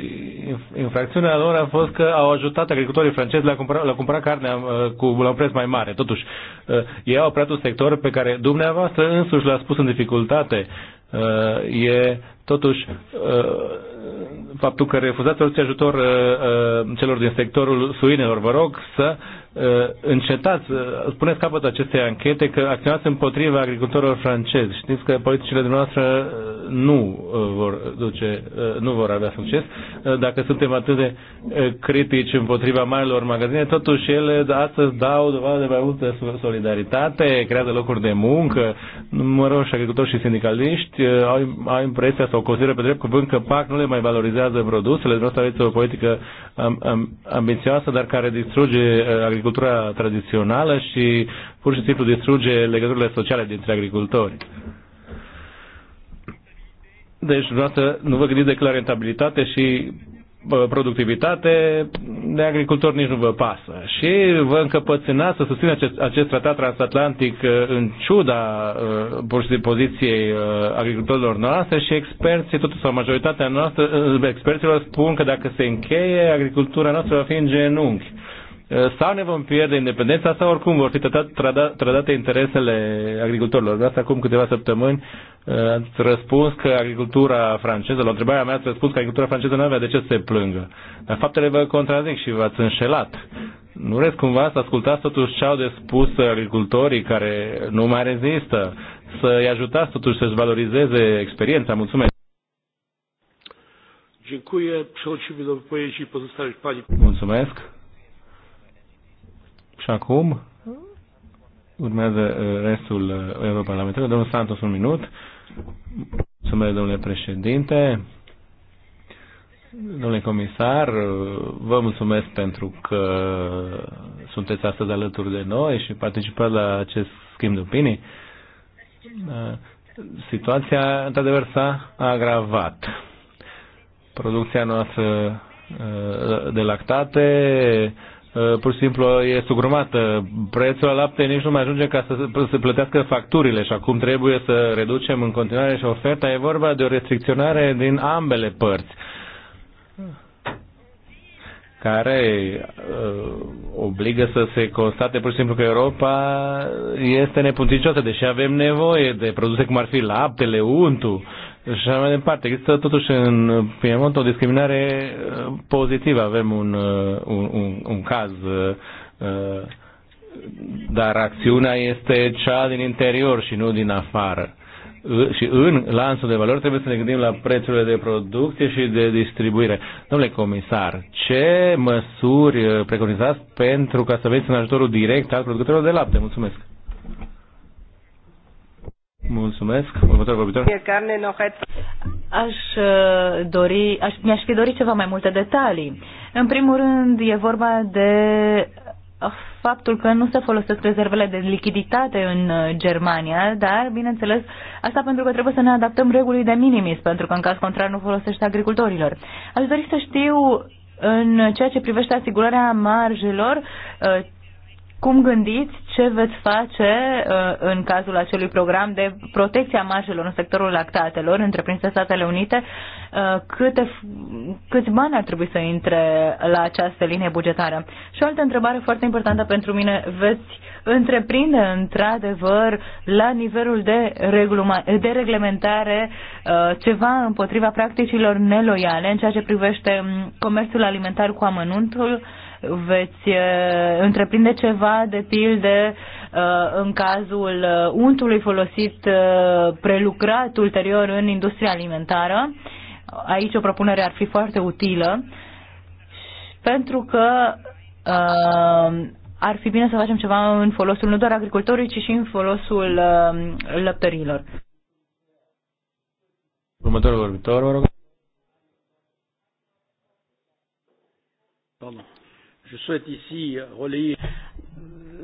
infracțiunea lor a fost că au ajutat agricultorii francezi la cumpăra, la cumpăra carne uh, cu la un preț mai mare. Totuși, uh, ei au operat un sector pe care dumneavoastră însuși l-a spus în dificultate. E totuși faptul că refuzați orice ajutor celor din sectorul suinelor. Vă rog să Uh, încetați, uh, spuneți capăt acestei anchete că acționați împotriva agricultorilor francezi. Știți că politicile dumneavoastră uh, nu vor, duce, nu vor avea succes. Dacă suntem atât de critici împotriva marilor magazine, totuși ele astăzi dau dovadă de mai multă solidaritate, creează locuri de muncă. Numeroși agricultori și sindicaliști au, au impresia sau consideră pe drept cuvânt că PAC nu le mai valorizează produsele. Dumneavoastră aveți o politică am, am, ambițioasă, dar care distruge agricultorii agricultura tradițională și pur și simplu distruge legăturile sociale dintre agricultori. Deci, dumneavoastră, nu vă gândiți decât la rentabilitate și productivitate, de agricultori nici nu vă pasă. Și vă încăpățânați să susțineți acest, acest tratat transatlantic uh, în ciuda uh, pur și simplu poziției uh, agricultorilor noastre și experții, totuși sau majoritatea noastră, experților spun că dacă se încheie, agricultura noastră va fi în genunchi. Eh, sau ne vom pierde independența sau oricum vor fi trădate interesele agricultorilor. De asta acum câteva săptămâni eh, ați răspuns că agricultura franceză, la întrebarea mea ați răspuns că agricultura franceză nu avea de ce să se plângă. Dar faptele vă contrazic și v-ați înșelat. Nu vreți cumva să ascultați totuși ce au de spus agricultorii care nu mai rezistă, să-i ajutați totuși să-și valorizeze experiența. Mulțumesc! Dziękuję. Przechodzimy do wypowiedzi pozostałych pani. Mulțumesc. Și acum urmează uh, restul uh, europarlamentarilor. Domnul Santos, un minut. Mulțumesc, domnule președinte. Domnule comisar, uh, vă mulțumesc pentru că sunteți astăzi alături de noi și participați la acest schimb de opinii. Situația, într-adevăr, s-a agravat. Producția noastră de lactate Uh, pur și simplu e sugrumată. Prețul la lapte nici nu mai ajunge ca să se plătească facturile și acum trebuie să reducem în continuare și oferta. E vorba de o restricționare din ambele părți care uh, obligă să se constate pur și simplu că Europa este neputincioasă, deși avem nevoie de produse cum ar fi laptele, untul, și mai departe. Există totuși în Piemont o discriminare uh, pozitivă. Avem un, uh, un, un, un caz, uh, dar acțiunea este cea din interior și nu din afară. Și în lanțul de valori trebuie să ne gândim la prețurile de producție și de distribuire. Domnule comisar, ce măsuri preconizați pentru ca să veți în ajutorul direct al producătorilor de lapte? Mulțumesc! Mulțumesc. Următorul nohet. Aș uh, dori, aș, mi-aș fi dorit ceva mai multe detalii. În primul rând, e vorba de uh, faptul că nu se folosesc rezervele de lichiditate în uh, Germania, dar, bineînțeles, asta pentru că trebuie să ne adaptăm regulii de minimis, pentru că, în caz contrar, nu folosește agricultorilor. Aș dori să știu, în ceea ce privește asigurarea marjelor, cum gândiți ce veți face uh, în cazul acelui program de protecție a marjelor în sectorul lactatelor întreprins Statele Unite? Uh, câte, câți bani ar trebui să intre la această linie bugetară? Și o altă întrebare foarte importantă pentru mine, veți întreprinde într-adevăr la nivelul de, de reglementare uh, ceva împotriva practicilor neloiale în ceea ce privește um, comerțul alimentar cu amănuntul? veți eh, întreprinde ceva de pilde eh, în cazul eh, untului folosit prelucrat ulterior în industria alimentară. Aici o propunere ar fi foarte utilă pentru că ar fi bine să facem ceva în folosul nu doar agricultorii, ci și în folosul lăptărilor. Următorul vorbitor, vă rog. Doamna.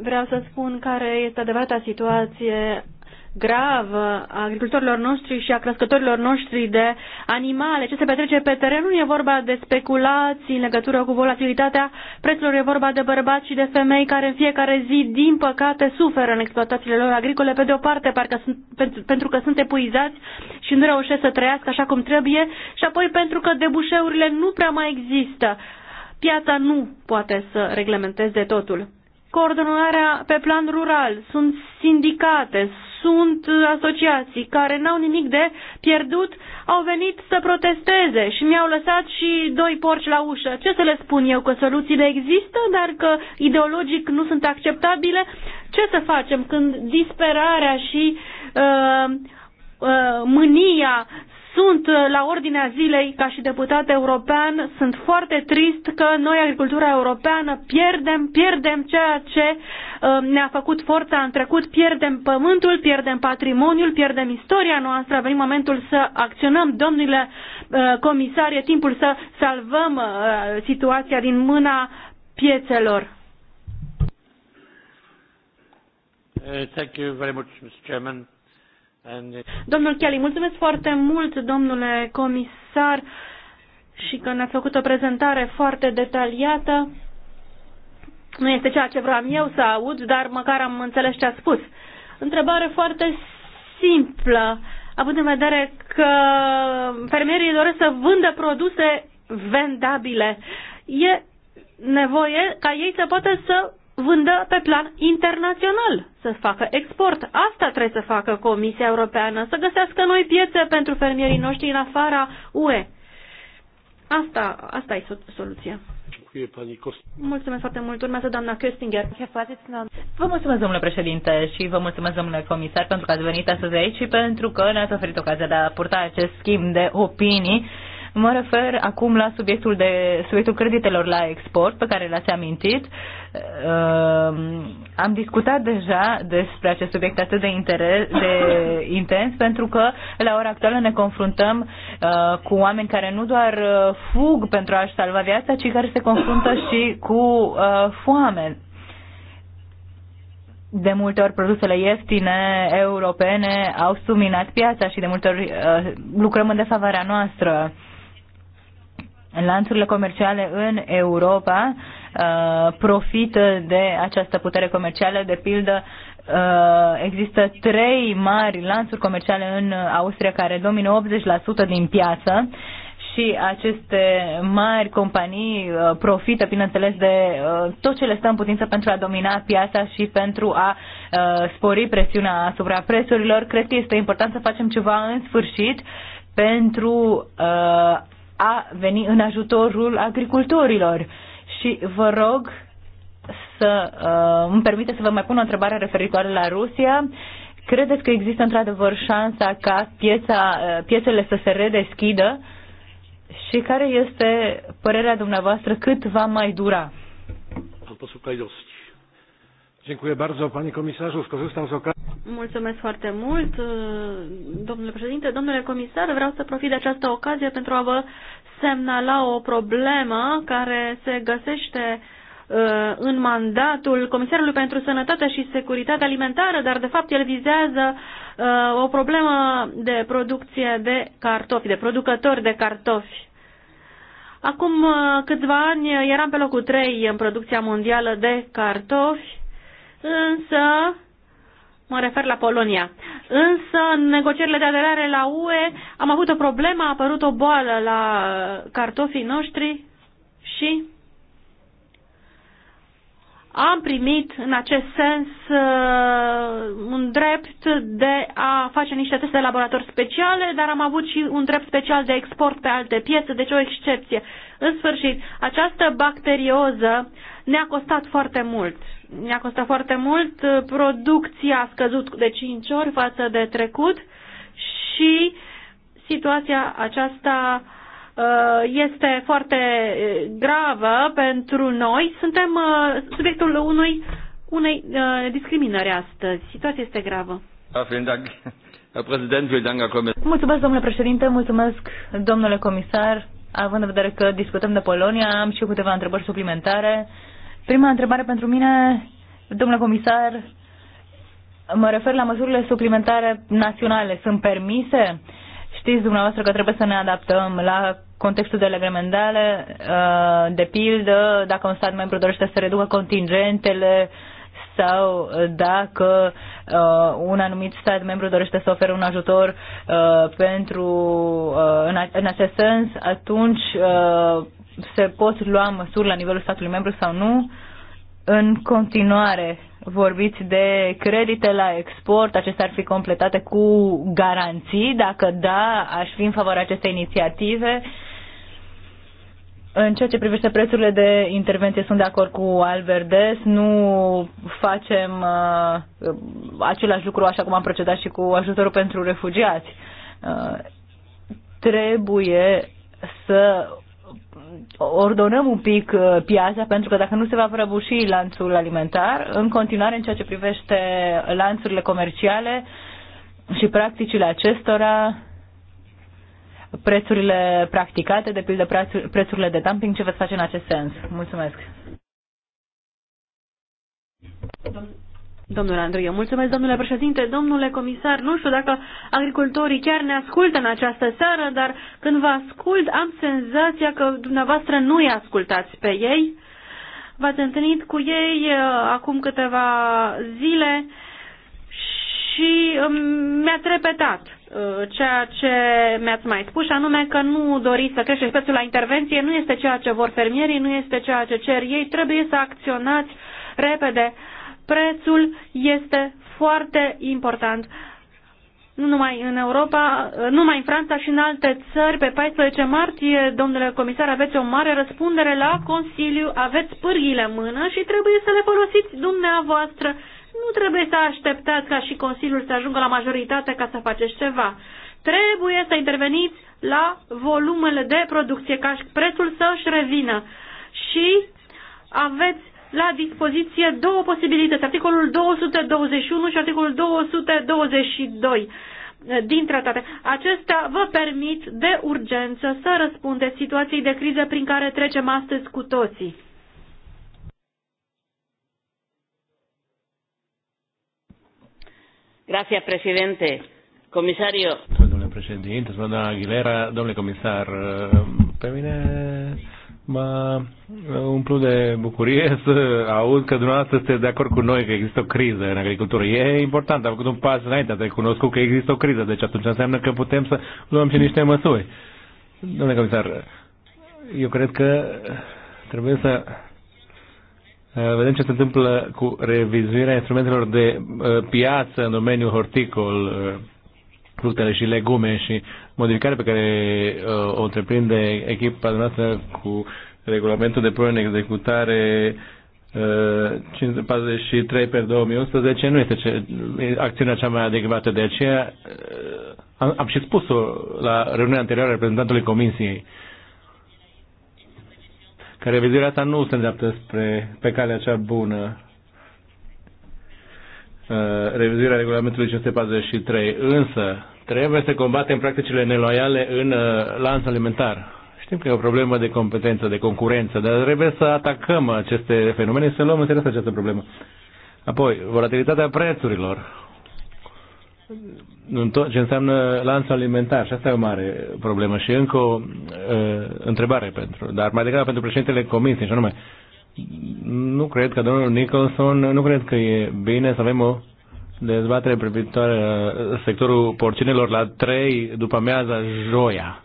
Vreau să spun care este adevărata situație gravă a agricultorilor noștri și a crescătorilor noștri de animale. Ce se petrece pe teren nu e vorba de speculații în legătură cu volatilitatea prețurilor, e vorba de bărbați și de femei care în fiecare zi, din păcate, suferă în exploatațiile lor agricole, pe de o parte parcă sunt, pentru că sunt epuizați și nu reușesc să trăiască așa cum trebuie și apoi pentru că debușeurile nu prea mai există. Piața nu poate să reglementeze totul. Coordonarea pe plan rural, sunt sindicate, sunt asociații care n-au nimic de pierdut, au venit să protesteze și mi-au lăsat și doi porci la ușă. Ce să le spun eu? Că soluțiile există, dar că ideologic nu sunt acceptabile? Ce să facem când disperarea și uh, uh, mânia sunt uh, la ordinea zilei ca și deputat european. Sunt foarte trist că noi, agricultura europeană, pierdem, pierdem ceea ce uh, ne-a făcut forța în trecut, pierdem pământul, pierdem patrimoniul, pierdem istoria noastră. A venit momentul să acționăm, domnule uh, comisar, e timpul să salvăm situația din mâna piețelor. Thank you very much, Mr. Chairman. Uh, Domnul Kelly, mulțumesc foarte mult, domnule comisar, și că ne-ați făcut o prezentare foarte detaliată. Nu este ceea ce vreau eu să aud, dar măcar am înțeles ce a spus. Întrebare foarte simplă, având în vedere că fermierii doresc să vândă produse vendabile. E nevoie ca ei să poată să vândă pe plan internațional, să facă export. Asta trebuie să facă Comisia Europeană, să găsească noi piețe pentru fermierii noștri în afara UE. Asta, asta e soluția. Mulțumesc foarte mult. Urmează doamna Köstinger. Vă mulțumesc, domnule președinte, și vă mulțumesc, domnule comisar, pentru că ați venit astăzi aici și pentru că ne-ați oferit ocazia de a purta acest schimb de opinii Mă refer acum la subiectul, de, subiectul creditelor la export pe care l-ați amintit. Uh, am discutat deja despre acest subiect atât de, interes, de [coughs] intens pentru că la ora actuală ne confruntăm uh, cu oameni care nu doar uh, fug pentru a-și salva viața, ci care se confruntă [coughs] și cu uh, foame de multe ori produsele ieftine europene au suminat piața și de multe ori uh, lucrăm în defavoarea noastră lanțurile comerciale în Europa uh, profită de această putere comercială. De pildă, uh, există trei mari lanțuri comerciale în Austria care domină 80% din piață și aceste mari companii uh, profită, bineînțeles, de tot ce le stă în putință pentru a domina piața și pentru a spori presiunea asupra prețurilor. Cred că este important să facem ceva în sfârșit pentru a veni în ajutorul agricultorilor. Și vă rog să uh, îmi permite să vă mai pun o întrebare referitoare la Rusia. Credeți că există într-adevăr șansa ca pieța, uh, piețele să se redeschidă? Și care este părerea dumneavoastră cât va mai dura? Am Mulțumesc foarte mult, uh, domnule președinte. Domnule comisar, vreau să profit de această ocazie pentru a vă semnala o problemă care se găsește uh, în mandatul Comisarului pentru Sănătate și Securitate Alimentară, dar de fapt el vizează uh, o problemă de producție de cartofi, de producători de cartofi. Acum câțiva ani eram pe locul 3 în producția mondială de cartofi însă mă refer la Polonia. Însă, în negocierile de aderare la UE, am avut o problemă, a apărut o boală la cartofii noștri și am primit în acest sens uh, un drept de a face niște teste de laborator speciale, dar am avut și un drept special de export pe alte piețe, deci o excepție. În sfârșit, această bacterioză ne-a costat foarte mult ne-a costat foarte mult, producția a scăzut de 5 ori față de trecut și situația aceasta uh, este foarte uh, gravă pentru noi. Suntem uh, subiectul unui, unei discriminări astăzi. Situația este gravă. Ah, [laughs] mulțumesc, domnule președinte, mulțumesc, domnule comisar. Având în vedere că discutăm de Polonia, am și câteva întrebări suplimentare. Prima întrebare pentru mine, domnule comisar, mă refer la măsurile suplimentare naționale. Sunt permise? Știți dumneavoastră că trebuie să ne adaptăm la contextul de legamentale, uh, de pildă, dacă un stat membru dorește să reducă contingentele sau dacă uh, un anumit stat membru dorește să ofere un ajutor uh, pentru, în acest sens, atunci se pot lua măsuri la nivelul statului membru sau nu. În continuare, vorbiți de credite la export, acestea ar fi completate cu garanții. Dacă da, aș fi în favoarea acestei inițiative. În ceea ce privește prețurile de intervenție, sunt de acord cu Alberdes. Nu facem uh, același lucru așa cum am procedat și cu ajutorul pentru refugiați. Uh, trebuie să ordonăm un pic uh, piața, pentru că dacă nu se va prăbuși lanțul alimentar, în continuare, în ceea ce privește lanțurile comerciale și practicile acestora, prețurile practicate, de pildă prețurile de dumping, ce veți face în acest sens? Mulțumesc! Domn- Domnule Andrei, mulțumesc, domnule președinte, domnule comisar, nu știu dacă agricultorii chiar ne ascultă în această seară, dar când vă ascult am senzația că dumneavoastră nu îi ascultați pe ei. V-ați întâlnit cu ei uh, acum câteva zile și um, mi a repetat uh, ceea ce mi-ați mai spus, anume că nu doriți să creșteți prețul la intervenție, nu este ceea ce vor fermierii, nu este ceea ce cer ei, trebuie să acționați repede. Uh, Prețul este foarte important nu numai în Europa, nu numai în Franța și în alte țări. Pe 14 martie, domnule comisar, aveți o mare răspundere la Consiliu, aveți pârghile în mână și trebuie să le folosiți dumneavoastră. Nu trebuie să așteptați ca și Consiliul să ajungă la majoritate ca să faceți ceva. Trebuie să interveniți la volumele de producție, ca și prețul să își revină. Și aveți la dispoziție două posibilități, articolul 221 și articolul 222 din tratate. Acestea vă permit de urgență să răspundeți situației de criză prin care trecem astăzi cu toții. Gracias, presidente. Comisario. Domnule președinte, doamna Aguilera, domnule comisar, pe mine Mă umplu de bucurie [laughs] să aud că dumneavoastră sunteți de acord cu noi că există o criză în agricultură. E important, am făcut un pas înainte, ați recunoscut că există o criză, deci atunci înseamnă că putem să luăm și niște măsuri. Domnule comisar, eu cred că trebuie să uh, vedem ce se întâmplă cu revizuirea instrumentelor de uh, piață în domeniul horticol, uh, fructele și legume și modificare pe care uh, o întreprinde echipa noastră cu regulamentul de punere în executare uh, 43 pe 2011 nu este ce, acțiunea cea mai adecvată. De aceea uh, am, am și spus-o la reuniunea anterioară a reprezentantului Comisiei că revizuirea asta nu se îndreaptă spre, pe calea cea bună. Uh, revizirea regulamentului 543. Însă, Trebuie să combatem practicile neloiale în uh, lanț alimentar. Știm că e o problemă de competență, de concurență, dar trebuie să atacăm aceste fenomene și să luăm în serios această problemă. Apoi, volatilitatea prețurilor în tot ce înseamnă lanțul alimentar și asta e o mare problemă și încă o e, uh, întrebare pentru, dar mai degrabă pentru președintele comisiei și anume, nu cred că domnul Nicholson, nu cred că e bine să avem o dezbatere privitoare uh, sectorul porcinilor la 3 după amiaza joia.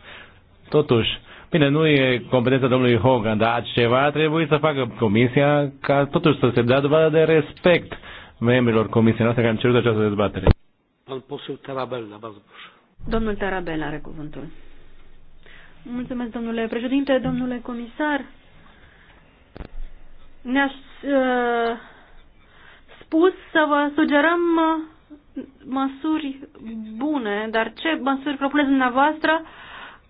Totuși, bine, nu e competența domnului Hogan, dar ceva trebuie să facă comisia ca totuși să se dea dovadă de respect membrilor comisiei noastre care am cerut această dezbatere. Domnul Tarabel are cuvântul. Mulțumesc, domnule președinte, domnule comisar. Ne-aș uh spus să vă sugerăm uh, măsuri bune, dar ce măsuri propuneți dumneavoastră?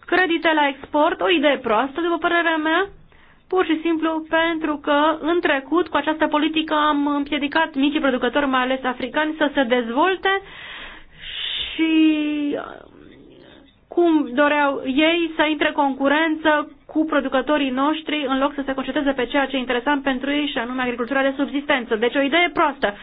Credite la export, o idee proastă, după părerea mea, pur și simplu pentru că în trecut cu această politică am împiedicat micii producători, mai ales africani, să se dezvolte și uh, cum doreau ei să intre concurență cu producătorii noștri în loc să se concentreze pe ceea ce e interesant pentru ei și anume agricultura de subsistență. Deci o idee proastă.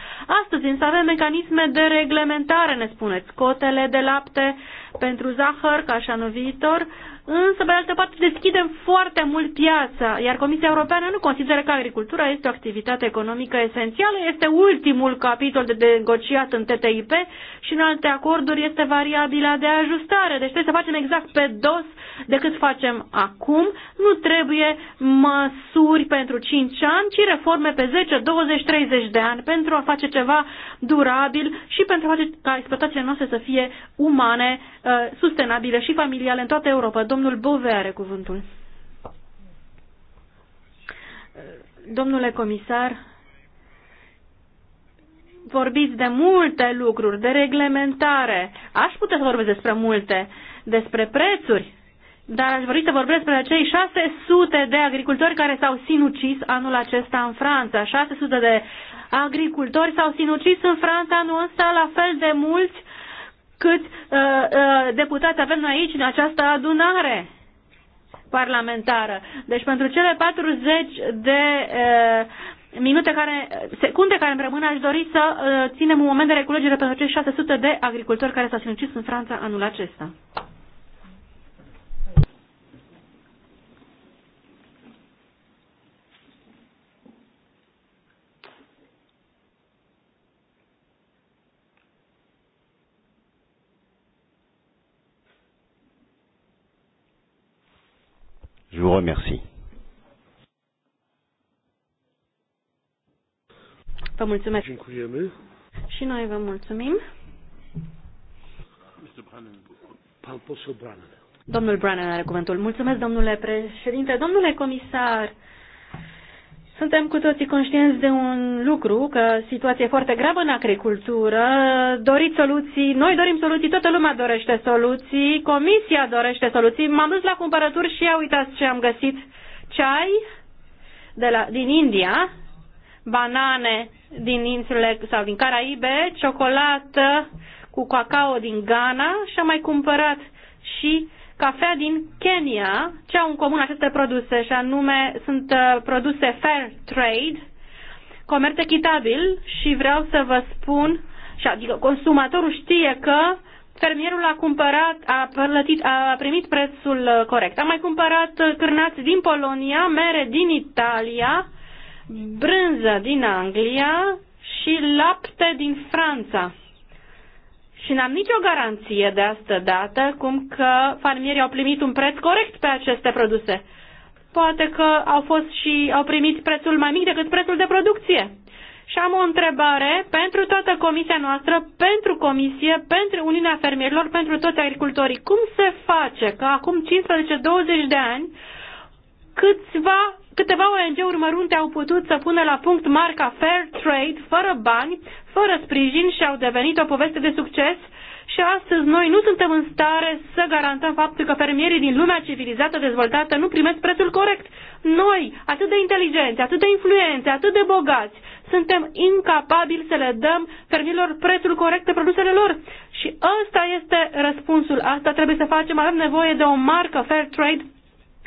Astăzi însă avem mecanisme de reglementare, ne spuneți, cotele de lapte pentru zahăr, ca și anul viitor, însă, pe de altă parte, deschidem foarte mult piața, iar Comisia Europeană nu consideră că agricultura este o activitate economică esențială, este ultimul capitol de negociat în TTIP și în alte acorduri este variabila de ajustare. Deci trebuie să facem exact pe dos decât facem acum. Nu trebuie măsuri pentru 5 ani, ci reforme pe 10, 20, 30 de ani pentru a face ceva durabil și pentru a face ca exploatațiile noastre să fie umane, uh, sustenabile și familiale în toată Europa. Domnul Bove are cuvântul. Domnule comisar, vorbiți de multe lucruri, de reglementare. Aș putea să vorbesc despre multe, despre prețuri, dar aș vrea să vorbesc despre acei 600 de agricultori care s-au sinucis anul acesta în Franța. 600 de agricultori s-au sinucis în Franța anul ăsta, la fel de mulți cât uh, uh, deputați avem aici în această adunare parlamentară. Deci pentru cele 40 de uh, minute care, secunde care îmi rămân, aș dori să uh, ținem un moment de reculegere pentru cei 600 de agricultori care s-au sinucis în Franța anul acesta. Je vous remercie. Vă mulțumesc. Și noi vă mulțumim. Domnul Brannan are cuvântul. Mulțumesc, domnule președinte. Domnule comisar, suntem cu toții conștienți de un lucru, că situația e foarte gravă în agricultură, doriți soluții, noi dorim soluții, toată lumea dorește soluții, comisia dorește soluții. M-am dus la cumpărături și ia uitați ce am găsit. Ceai de la, din India, banane din insule sau din Caraibe, ciocolată cu cacao din Ghana și am mai cumpărat și cafea din Kenya. Ce au în comun aceste produse? Și anume, sunt uh, produse fair trade, comerț echitabil și vreau să vă spun, și adică consumatorul știe că fermierul a cumpărat, a, plătit, a primit prețul uh, corect. A mai cumpărat uh, cârnați din Polonia, mere din Italia, brânză din Anglia și lapte din Franța și n-am nicio garanție de asta dată cum că farmierii au primit un preț corect pe aceste produse. Poate că au fost și au primit prețul mai mic decât prețul de producție. Și am o întrebare pentru toată comisia noastră, pentru comisie, pentru Uniunea Fermierilor, pentru toți agricultorii. Cum se face că acum 15-20 de ani câțiva, câteva ONG-uri mărunte au putut să pună la punct marca Fair Trade fără bani, fără sprijin și au devenit o poveste de succes și astăzi noi nu suntem în stare să garantăm faptul că fermierii din lumea civilizată dezvoltată nu primesc prețul corect. Noi, atât de inteligenți, atât de influenți, atât de bogați, suntem incapabili să le dăm fermierilor prețul corect de produsele lor. Și ăsta este răspunsul. Asta trebuie să facem. Avem nevoie de o marcă fair trade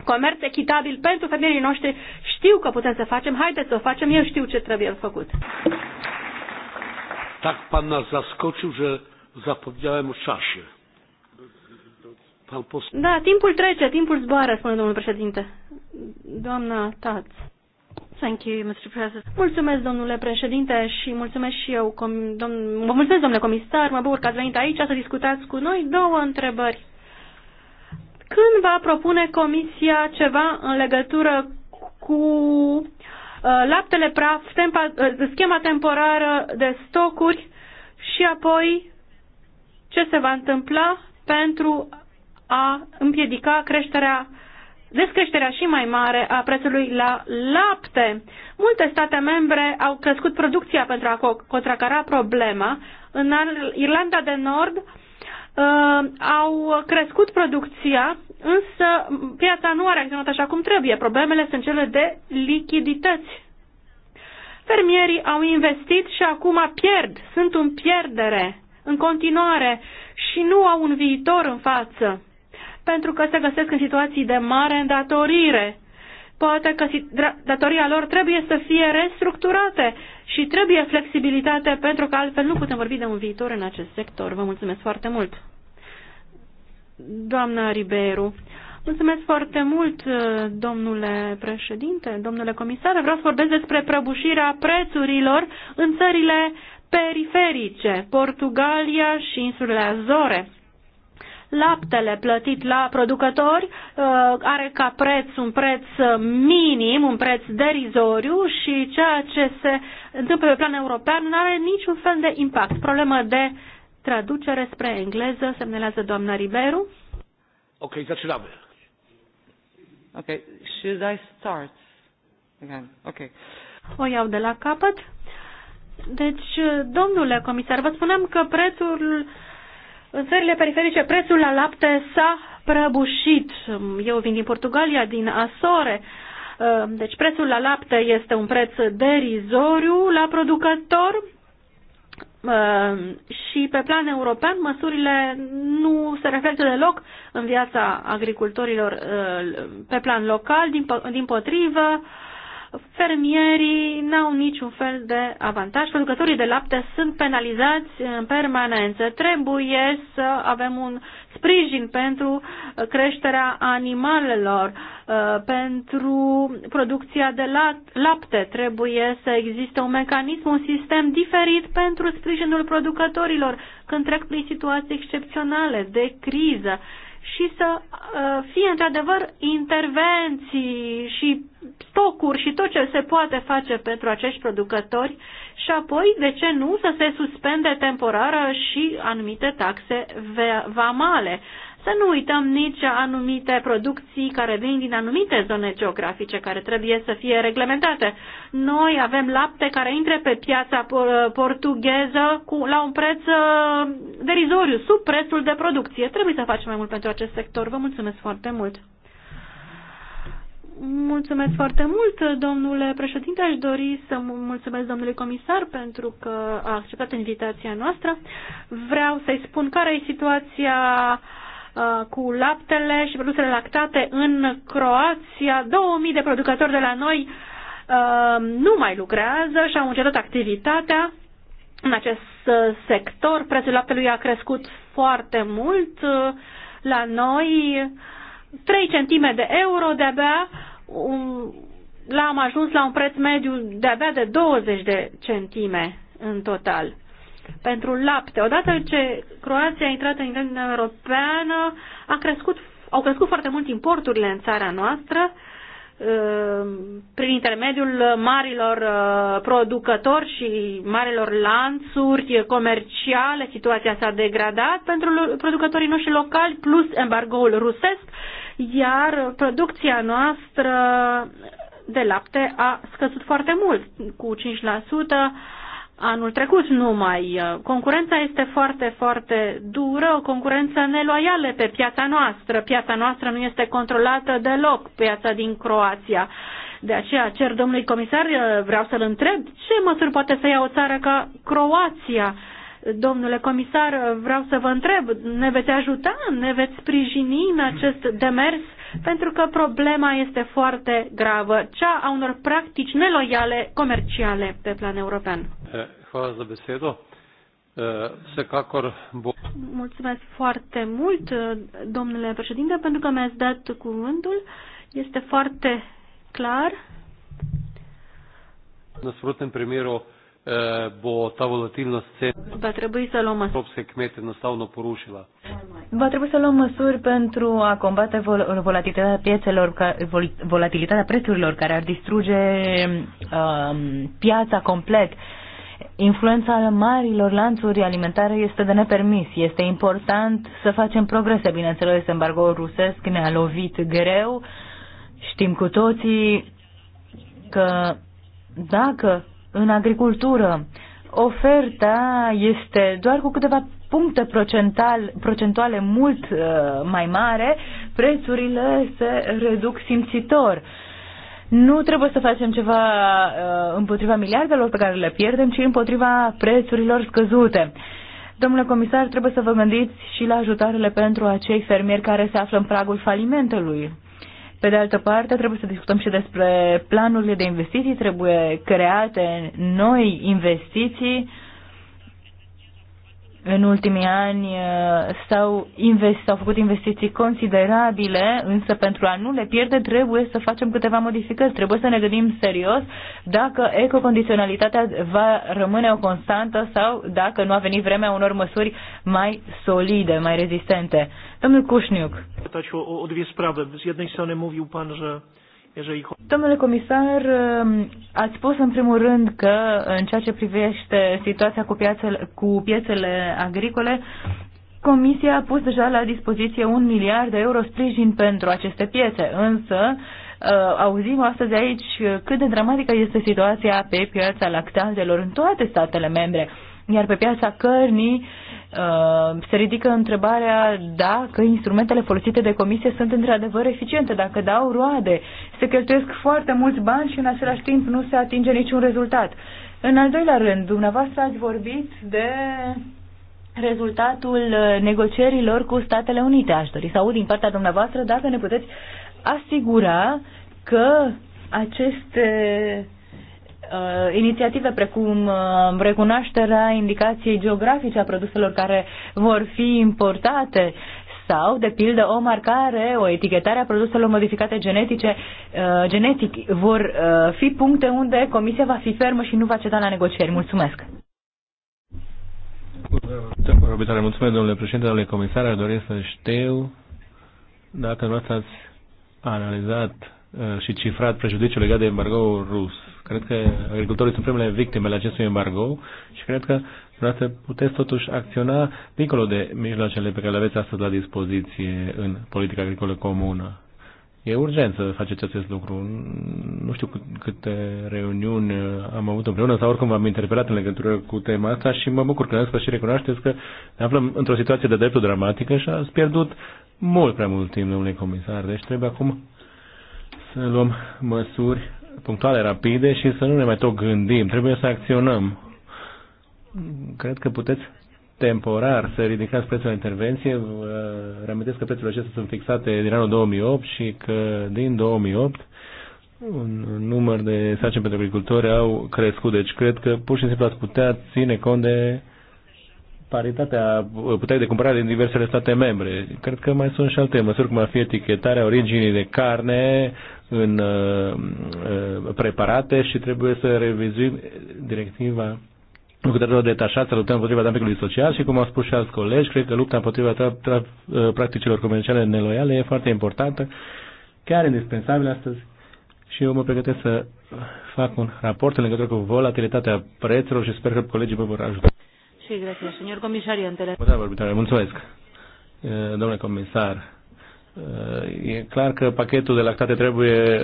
comerț echitabil pentru fermierii noștri. Știu că putem să facem, haideți să o facem, eu știu ce trebuie făcut tak pan nas zaskoczył, że zapomniałem o czasie. Pan Da, timpul trece, timpul zboară, spune domnul președinte. Doamna Taț. Thank you, Mr. President. Mulțumesc, domnule președinte, și mulțumesc și eu, com- domn- vă mulțumesc, domnule comisar, mă bucur că ați venit aici să discutați cu noi două întrebări. Când va propune Comisia ceva în legătură cu Uh, laptele praf, tempa, uh, schema temporară de stocuri și apoi ce se va întâmpla pentru a împiedica creșterea descreșterea și mai mare a prețului la lapte. Multe state membre au crescut producția pentru a contracara problema. În Irlanda de Nord uh, au crescut producția, însă piața nu a reacționat așa cum trebuie. Problemele sunt cele de lichidități. Fermierii au investit și acum pierd, sunt în pierdere, în continuare, și nu au un viitor în față, pentru că se găsesc în situații de mare îndatorire poate că datoria lor trebuie să fie restructurate și trebuie flexibilitate pentru că altfel nu putem vorbi de un viitor în acest sector. Vă mulțumesc foarte mult! Doamna Riberu, mulțumesc foarte mult, uh, domnule președinte, domnule comisar. Vreau să vorbesc despre prăbușirea prețurilor în țările periferice, Portugalia și insulele Azore laptele plătit la producători uh, are ca preț un preț uh, minim, un preț derizoriu și ceea ce se întâmplă pe plan european nu are niciun fel de impact. Problemă de traducere spre engleză, semnelează doamna Riberu. Ok, zaczynamy. Ok, should I start again? Ok. O iau de la capăt. Deci, domnule comisar, vă spunem că prețul în țările periferice, prețul la lapte s-a prăbușit. Eu vin din Portugalia, din Asore. Uh, deci prețul la lapte este un preț derizoriu la producător uh, și pe plan european măsurile nu se reflectă deloc în viața agricultorilor uh, pe plan local, din, potrivă fermierii n-au niciun fel de avantaj. Producătorii de lapte sunt penalizați în permanență. Trebuie să avem un sprijin pentru uh, creșterea animalelor, uh, pentru producția de lapte. Trebuie să existe un mecanism, un sistem diferit pentru sprijinul producătorilor când trec prin situații excepționale de criză și să uh, fie într-adevăr intervenții și stocuri și tot ce se poate face pentru acești producători și apoi, de ce nu, să se suspende temporară și anumite taxe vamale. Să nu uităm nici anumite producții care vin din anumite zone geografice care trebuie să fie reglementate. Noi avem lapte care intre pe piața portugheză cu, la un preț uh, derizoriu, sub prețul de producție. Trebuie să facem mai mult pentru acest sector. Vă mulțumesc foarte mult! Mulțumesc foarte mult, domnule președinte. Aș dori să mulțumesc domnului comisar pentru că a acceptat invitația noastră. Vreau să-i spun care e situația uh, Uh, cu laptele și produsele lactate în Croația. 2000 de producători de la noi uh, nu mai lucrează și au încetat activitatea în acest uh, sector. Prețul laptelui a crescut foarte mult la noi. 3 centime de euro de-abia l-am ajuns la un preț mediu de abia de 20 de centime în total pentru lapte. Odată ce Croația a intrat în Uniunea Europeană, a crescut, au crescut foarte mult importurile în țara noastră uh, prin intermediul marilor uh, producători și marilor lanțuri comerciale, situația s-a degradat pentru producătorii noștri locali, plus embargoul rusesc, iar producția noastră de lapte a scăzut foarte mult, cu 5%, anul trecut numai. Concurența este foarte, foarte dură, o concurență neloială pe piața noastră. Piața noastră nu este controlată deloc, piața din Croația. De aceea cer domnului comisar, eh, vreau să-l întreb, ce măsuri poate să ia o țară ca Croația? Domnule comisar, eh, vreau să vă întreb, ne veți ajuta, ne veți sprijini în acest demers? pentru că problema este foarte gravă, cea a unor practici neloiale comerciale pe plan european. Eh, eh, Mulțumesc foarte mult, eh, domnule președinte, pentru că mi-ați dat cuvântul. Este foarte clar. Nasprotnem primeru va trebui să luăm măsuri. Va trebui să luăm măsuri pentru a combate vol volatilitatea piețelor, vol volatilitatea prețurilor care ar distruge um, piața complet. Influența marilor lanțuri alimentare este de nepermis. Este important să facem progrese. Bineînțeles, embargoul rusesc ne-a lovit greu. Știm cu toții că dacă în agricultură. Oferta este doar cu câteva puncte procentuale mult uh, mai mare, prețurile se reduc simțitor. Nu trebuie să facem ceva uh, împotriva miliardelor pe care le pierdem, ci împotriva prețurilor scăzute. Domnule comisar, trebuie să vă gândiți și la ajutarele pentru acei fermieri care se află în pragul falimentului. Pe de altă parte, trebuie să discutăm și despre planurile de investiții, trebuie create noi investiții. În ultimii ani uh, s-au, invest, făcut investiții considerabile, însă pentru a nu le pierde trebuie să facem câteva modificări. Trebuie să ne gândim serios dacă ecocondiționalitatea va rămâne o constantă sau dacă nu a venit vremea unor măsuri mai solide, mai rezistente Domnul Kușniuc. O, o dwie sprawy. Z jednej strony mówił pan, że jeżeli... Domnule comisar, um, ați spus în primul rând că în ceea ce privește situația cu piețele, cu piețele agricole, Comisia a pus deja la dispoziție un miliard de euro sprijin pentru aceste piețe, însă uh, auzim astăzi aici cât de dramatică este situația pe piața lactantelor în toate statele membre, iar pe piața cărnii Uh, se ridică întrebarea dacă instrumentele folosite de comisie sunt într-adevăr eficiente, dacă dau roade, se cheltuiesc foarte mulți bani și în același timp nu se atinge niciun rezultat. În al doilea rând, dumneavoastră ați vorbit de rezultatul uh, negocierilor cu Statele Unite. Aș dori să aud din partea dumneavoastră dacă ne puteți asigura că aceste uh, inițiative precum uh, recunoașterea indicației geografice a produselor care vor fi importate sau, de pildă, o marcare, o etichetare a produselor modificate genetice, uh, genetic, vor uh, fi puncte unde Comisia va fi fermă și nu va ceda la negocieri. Mulțumesc! Mulțumesc, domnule președinte, domnule comisar, aș dori să știu dacă nu ați analizat uh, și cifrat prejudiciul legat de embargoul rus Cred că agricultorii sunt primele victimele acestui embargo și cred că dumneavoastră puteți totuși acționa dincolo de mijloacele pe care le aveți astăzi la dispoziție în politica agricolă comună. E urgent să faceți acest lucru. Nu știu câte reuniuni am avut împreună sau oricum v-am interpelat în legătură cu tema asta și mă bucur că în sfârșit recunoașteți că ne aflăm într-o situație de dreptul dramatică și ați pierdut mult prea mult timp, domnule comisar. Deci trebuie acum să luăm măsuri punctuale, rapide și să nu ne mai tot gândim. Trebuie să acționăm. Cred că puteți temporar să ridicați prețul la intervenție. Vă reamintesc că prețurile acestea sunt fixate din anul 2008 și că din 2008 un număr de sarcini pentru agricultori au crescut. Deci cred că pur și simplu ați putea ține cont de paritatea puterii de cumpărare din diversele state membre. Cred că mai sunt și alte măsuri, cum ar fi etichetarea originii de carne în uh, uh preparate și trebuie să revizuim directiva lucrătorilor detașați să luptăm împotriva dumpingului social și, cum au spus și alți colegi, cred că lupta împotriva tra- tra- uh, practicilor comerciale neloiale e foarte importantă, chiar indispensabilă astăzi. Și eu mă pregătesc să fac un raport în legătură cu volatilitatea prețurilor și sper că colegii mă vor ajuta. Sí, gracias. Señor comisario, ante la... Mulțumesc. Eh, domnule comisar, eh, E clar că pachetul de lactate trebuie eh,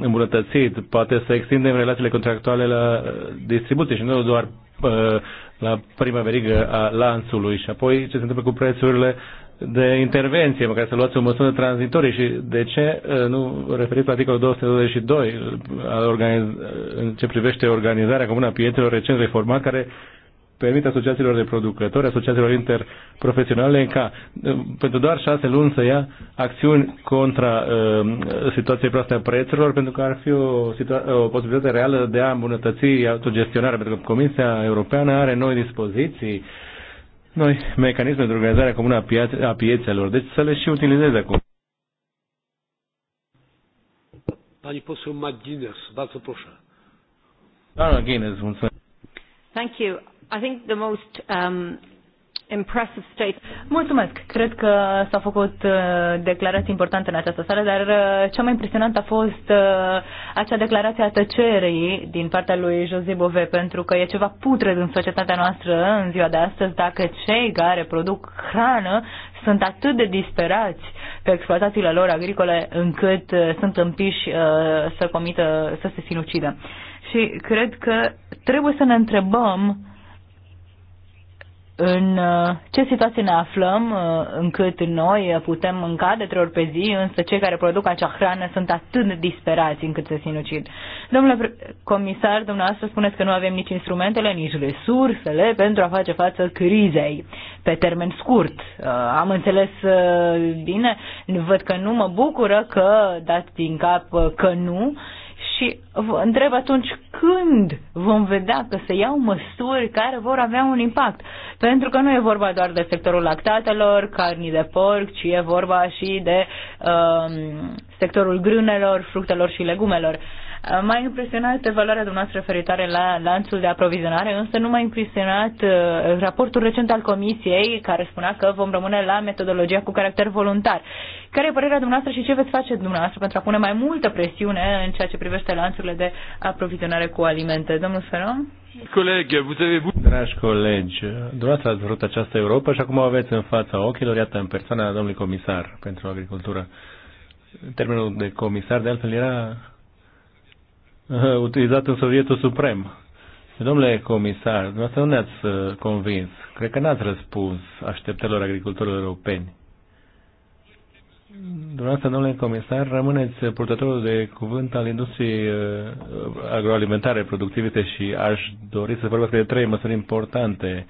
îmbunătățit. Poate să extindem relațiile contractuale la distribuție și nu doar la prima verigă a lanțului. Și apoi ce se întâmplă cu prețurile de intervenție, măcar să luați o măsură tranzitorie și de ce nu referiți la articolul 222 al organiz... în ce privește organizarea comună a piețelor recent reformat care permite asociațiilor de producători, asociațiilor interprofesionale ca uh, pentru doar șase luni să ia acțiuni contra uh, situației proaste a prețurilor, pentru că ar fi o, o posibilitate reală de a îmbunătăți autogestionarea, pentru că Comisia Europeană are noi dispoziții, noi mecanisme de organizare comună a, pia- a piețelor, deci să le și utilizeze acum. Pani poseł McGuinness, bardzo proszę. Pani McGuinness, mulțumesc. Thank you. Um, Mulțumesc. Cred că s-au făcut uh, declarații importante în această seară, dar uh, cea mai impresionantă a fost uh, acea declarație a tăcerii din partea lui José Bove, pentru că e ceva putred în societatea noastră în ziua de astăzi dacă cei care produc hrană sunt atât de disperați pe exploatațiile lor agricole încât sunt împiși să comită, să se sinucidă. Și cred că trebuie să ne întrebăm în uh, ce situație ne aflăm uh, încât noi putem mânca de trei ori pe zi, însă cei care produc acea hrană sunt atât de disperați încât se sinucid. Domnule comisar, dumneavoastră spuneți că nu avem nici instrumentele, nici resursele pentru a face față crizei pe termen scurt. Uh, am înțeles bine, văd că nu mă bucură că dați din cap că nu, și vă întreb atunci când vom vedea că se iau măsuri care vor avea un impact. Pentru că nu e vorba doar de sectorul lactatelor, carnii de porc, ci e vorba și de uh, sectorul grânelor, fructelor și legumelor. Uh, m-a impresionat valoarea dumneavoastră referitoare la lanțul de aprovizionare, însă nu m-a impresionat uh, raportul recent al Comisiei care spunea că vom rămâne la metodologia cu caracter voluntar. Care e părerea dumneavoastră și ce veți face dumneavoastră pentru a pune mai multă presiune în ceea ce privește lanțurile de aprovizionare cu alimente? Domnul Sferon? Colegi, vous avez... Dragi colegi, dumneavoastră ați vrut această Europa și acum o aveți în fața ochilor, iată, în persoana domnului comisar pentru agricultură. Termenul de comisar, de altfel, era Uh, utilizat în Sovietul Suprem. Domnule comisar, dumneavoastră nu ne-ați uh, convins. Cred că n-ați răspuns așteptărilor agricultorilor europeni. Dumneavoastră, domnule comisar, rămâneți purtătorul de cuvânt al industriei uh, agroalimentare, productivite și aș dori să vorbesc de trei măsuri importante.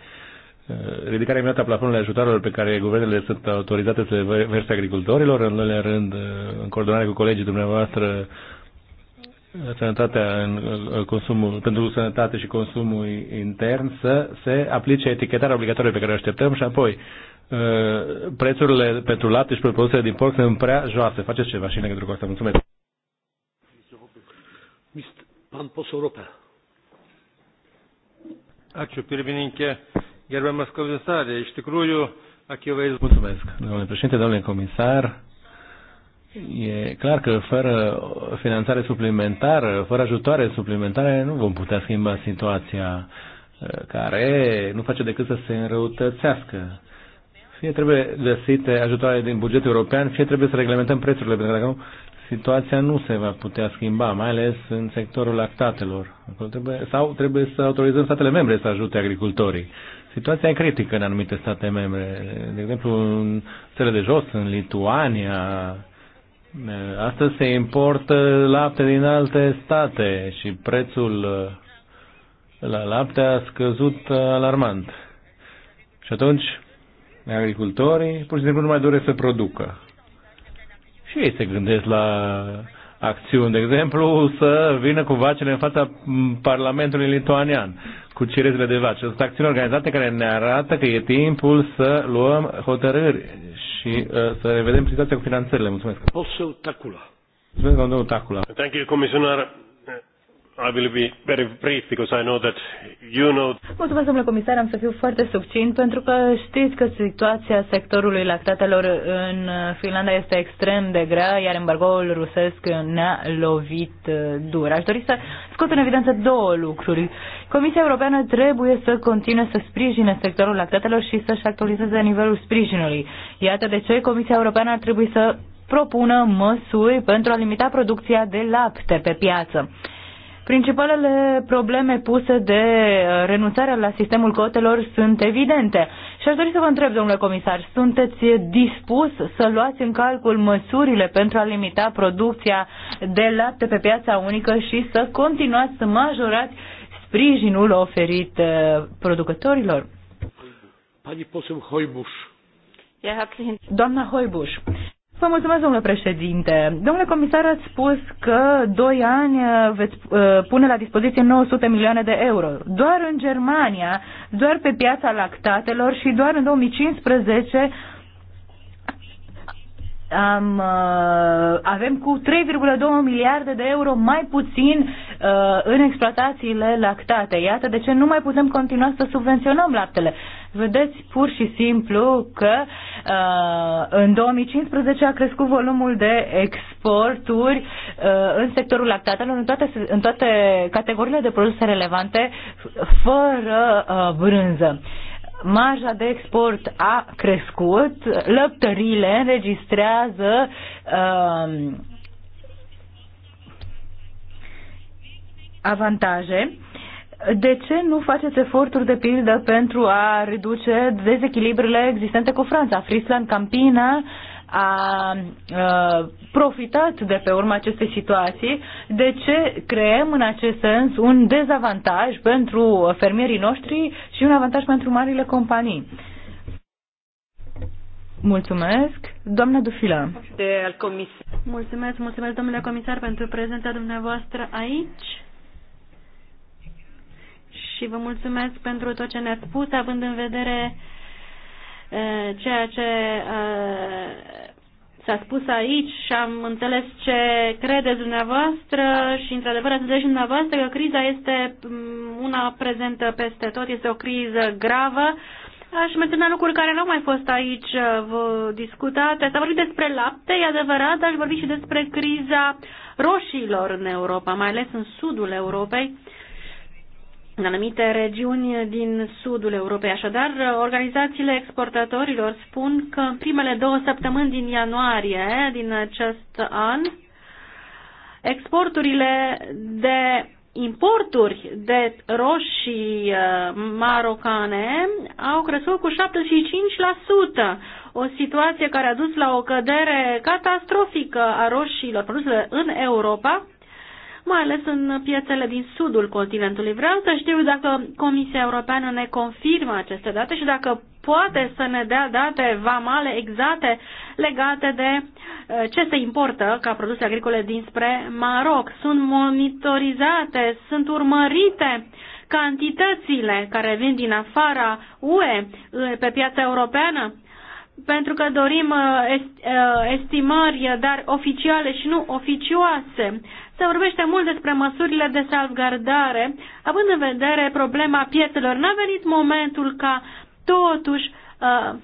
Ridicarea imediată a plafonului ajutorilor pe care guvernele sunt autorizate să le verse agricultorilor, în doilea rând, în coordonare cu colegii dumneavoastră, sănătatea în consumul, pentru sănătate și consumul intern să se aplice etichetarea obligatorie pe care o așteptăm și apoi uh, prețurile pentru lapte și pentru produsele din porc sunt prea joase. Faceți ceva și în legătură cu asta. Mulțumesc. Pan posel Ropė. Ačiū pirmininkė, gerbiamas komisarė. Iš tikrųjų, akivaizdu. Mulțumesc, domnule președinte, domnule comisar E clar că fără finanțare suplimentară, fără ajutoare suplimentare, nu vom putea schimba situația uh, care nu face decât să se înrăutățească. Fie trebuie găsite ajutoare din bugetul european, fie trebuie să reglementăm prețurile, pentru că dacă nu, situația nu se va putea schimba, mai ales în sectorul lactatelor. Acolo trebuie, sau trebuie să autorizăm statele membre să ajute agricultorii. Situația e critică în anumite state membre. De exemplu, în țările de jos, în Lituania, Astăzi se importă lapte din alte state și prețul uh, la lapte a scăzut alarmant. Și atunci agricultorii pur și simplu nu mai doresc să producă. Și ei se gândesc la acțiuni. De exemplu, să vină cu vacile în fața Parlamentului lituanian, cu cirezele de vaci. Sunt acțiuni organizate care ne arată că e timpul să luăm hotărâri și uh, să revedem situația cu finanțările. Mulțumesc. Posul Tacula. Mulțumesc, domnul Tacula. Thank you, comisionar. I will be very brief because I know that you know. Mulțumesc, domnule comisar, am să fiu foarte subțin pentru că știți că situația sectorului lactatelor în Finlanda este extrem de grea, iar embargoul rusesc ne-a lovit uh, dur. Aș dori să scot în evidență două lucruri. Comisia Europeană trebuie să continue să sprijine sectorul lactatelor și să-și actualizeze nivelul sprijinului. Iată de ce Comisia Europeană ar trebui să propună măsuri pentru a limita producția de lapte pe piață. Principalele probleme puse de uh, renunțarea la sistemul cotelor sunt evidente. Și aș dori să vă întreb, domnule comisar, sunteți dispus să luați în calcul măsurile pentru a limita producția de lapte pe piața unică și să continuați să majorați sprijinul oferit uh, producătorilor? Pani Doamna Hoibuș, Vă mulțumesc, domnule președinte. Domnule comisar, ați spus că doi ani uh, veți uh, pune la dispoziție 900 milioane de euro. Doar în Germania, doar pe piața lactatelor și doar în 2015 am, uh, avem cu 3,2 miliarde de euro mai puțin în exploatațiile lactate. Iată de ce nu mai putem continua să subvenționăm laptele vedeți pur și simplu că uh, în 2015 a crescut volumul de exporturi uh, în sectorul lactatelor, în toate, în toate categoriile de produse relevante, fără uh, brânză marja de export a crescut, lăptările înregistrează uh, avantaje de ce nu faceți eforturi de pildă pentru a reduce dezechilibrele existente cu Franța? Friesland Campina a a profitat de pe urma acestei situații. De ce creăm în acest sens un dezavantaj pentru fermierii noștri și un avantaj pentru marile companii? Mulțumesc. Doamna Dufila. Mulțumesc, mulțumesc domnule comisar pentru prezența dumneavoastră aici și vă mulțumesc pentru tot ce ne-ați spus, având în vedere ceea ce s-a spus aici și am înțeles ce credeți dumneavoastră și într-adevăr ați înțeles și dumneavoastră că criza este una prezentă peste tot, este o criză gravă. Aș menționa lucruri care nu au mai fost aici discutate. S-a vorbit despre lapte, e adevărat, dar aș vorbi și despre criza roșiilor în Europa, mai ales în sudul Europei în anumite regiuni din sudul Europei. Așadar, organizațiile exportatorilor spun că în primele două săptămâni din ianuarie din acest an, exporturile de importuri de roșii uh, marocane au crescut cu 75%, o situație care a dus la o cădere catastrofică a roșiilor produse în Europa, mai ales în piețele din sudul continentului. Vreau să știu dacă Comisia Europeană ne confirmă aceste date și dacă poate să ne dea date vamale exacte legate de eh, ce se importă ca produse agricole dinspre Maroc. Sunt monitorizate, sunt urmărite cantitățile care vin din afara UE eh, pe piața europeană? Pentru că dorim eh, estimări, dar oficiale și nu oficioase. Se vorbește mult despre măsurile de salvgardare, având în vedere problema piețelor. N-a venit momentul ca totuși uh,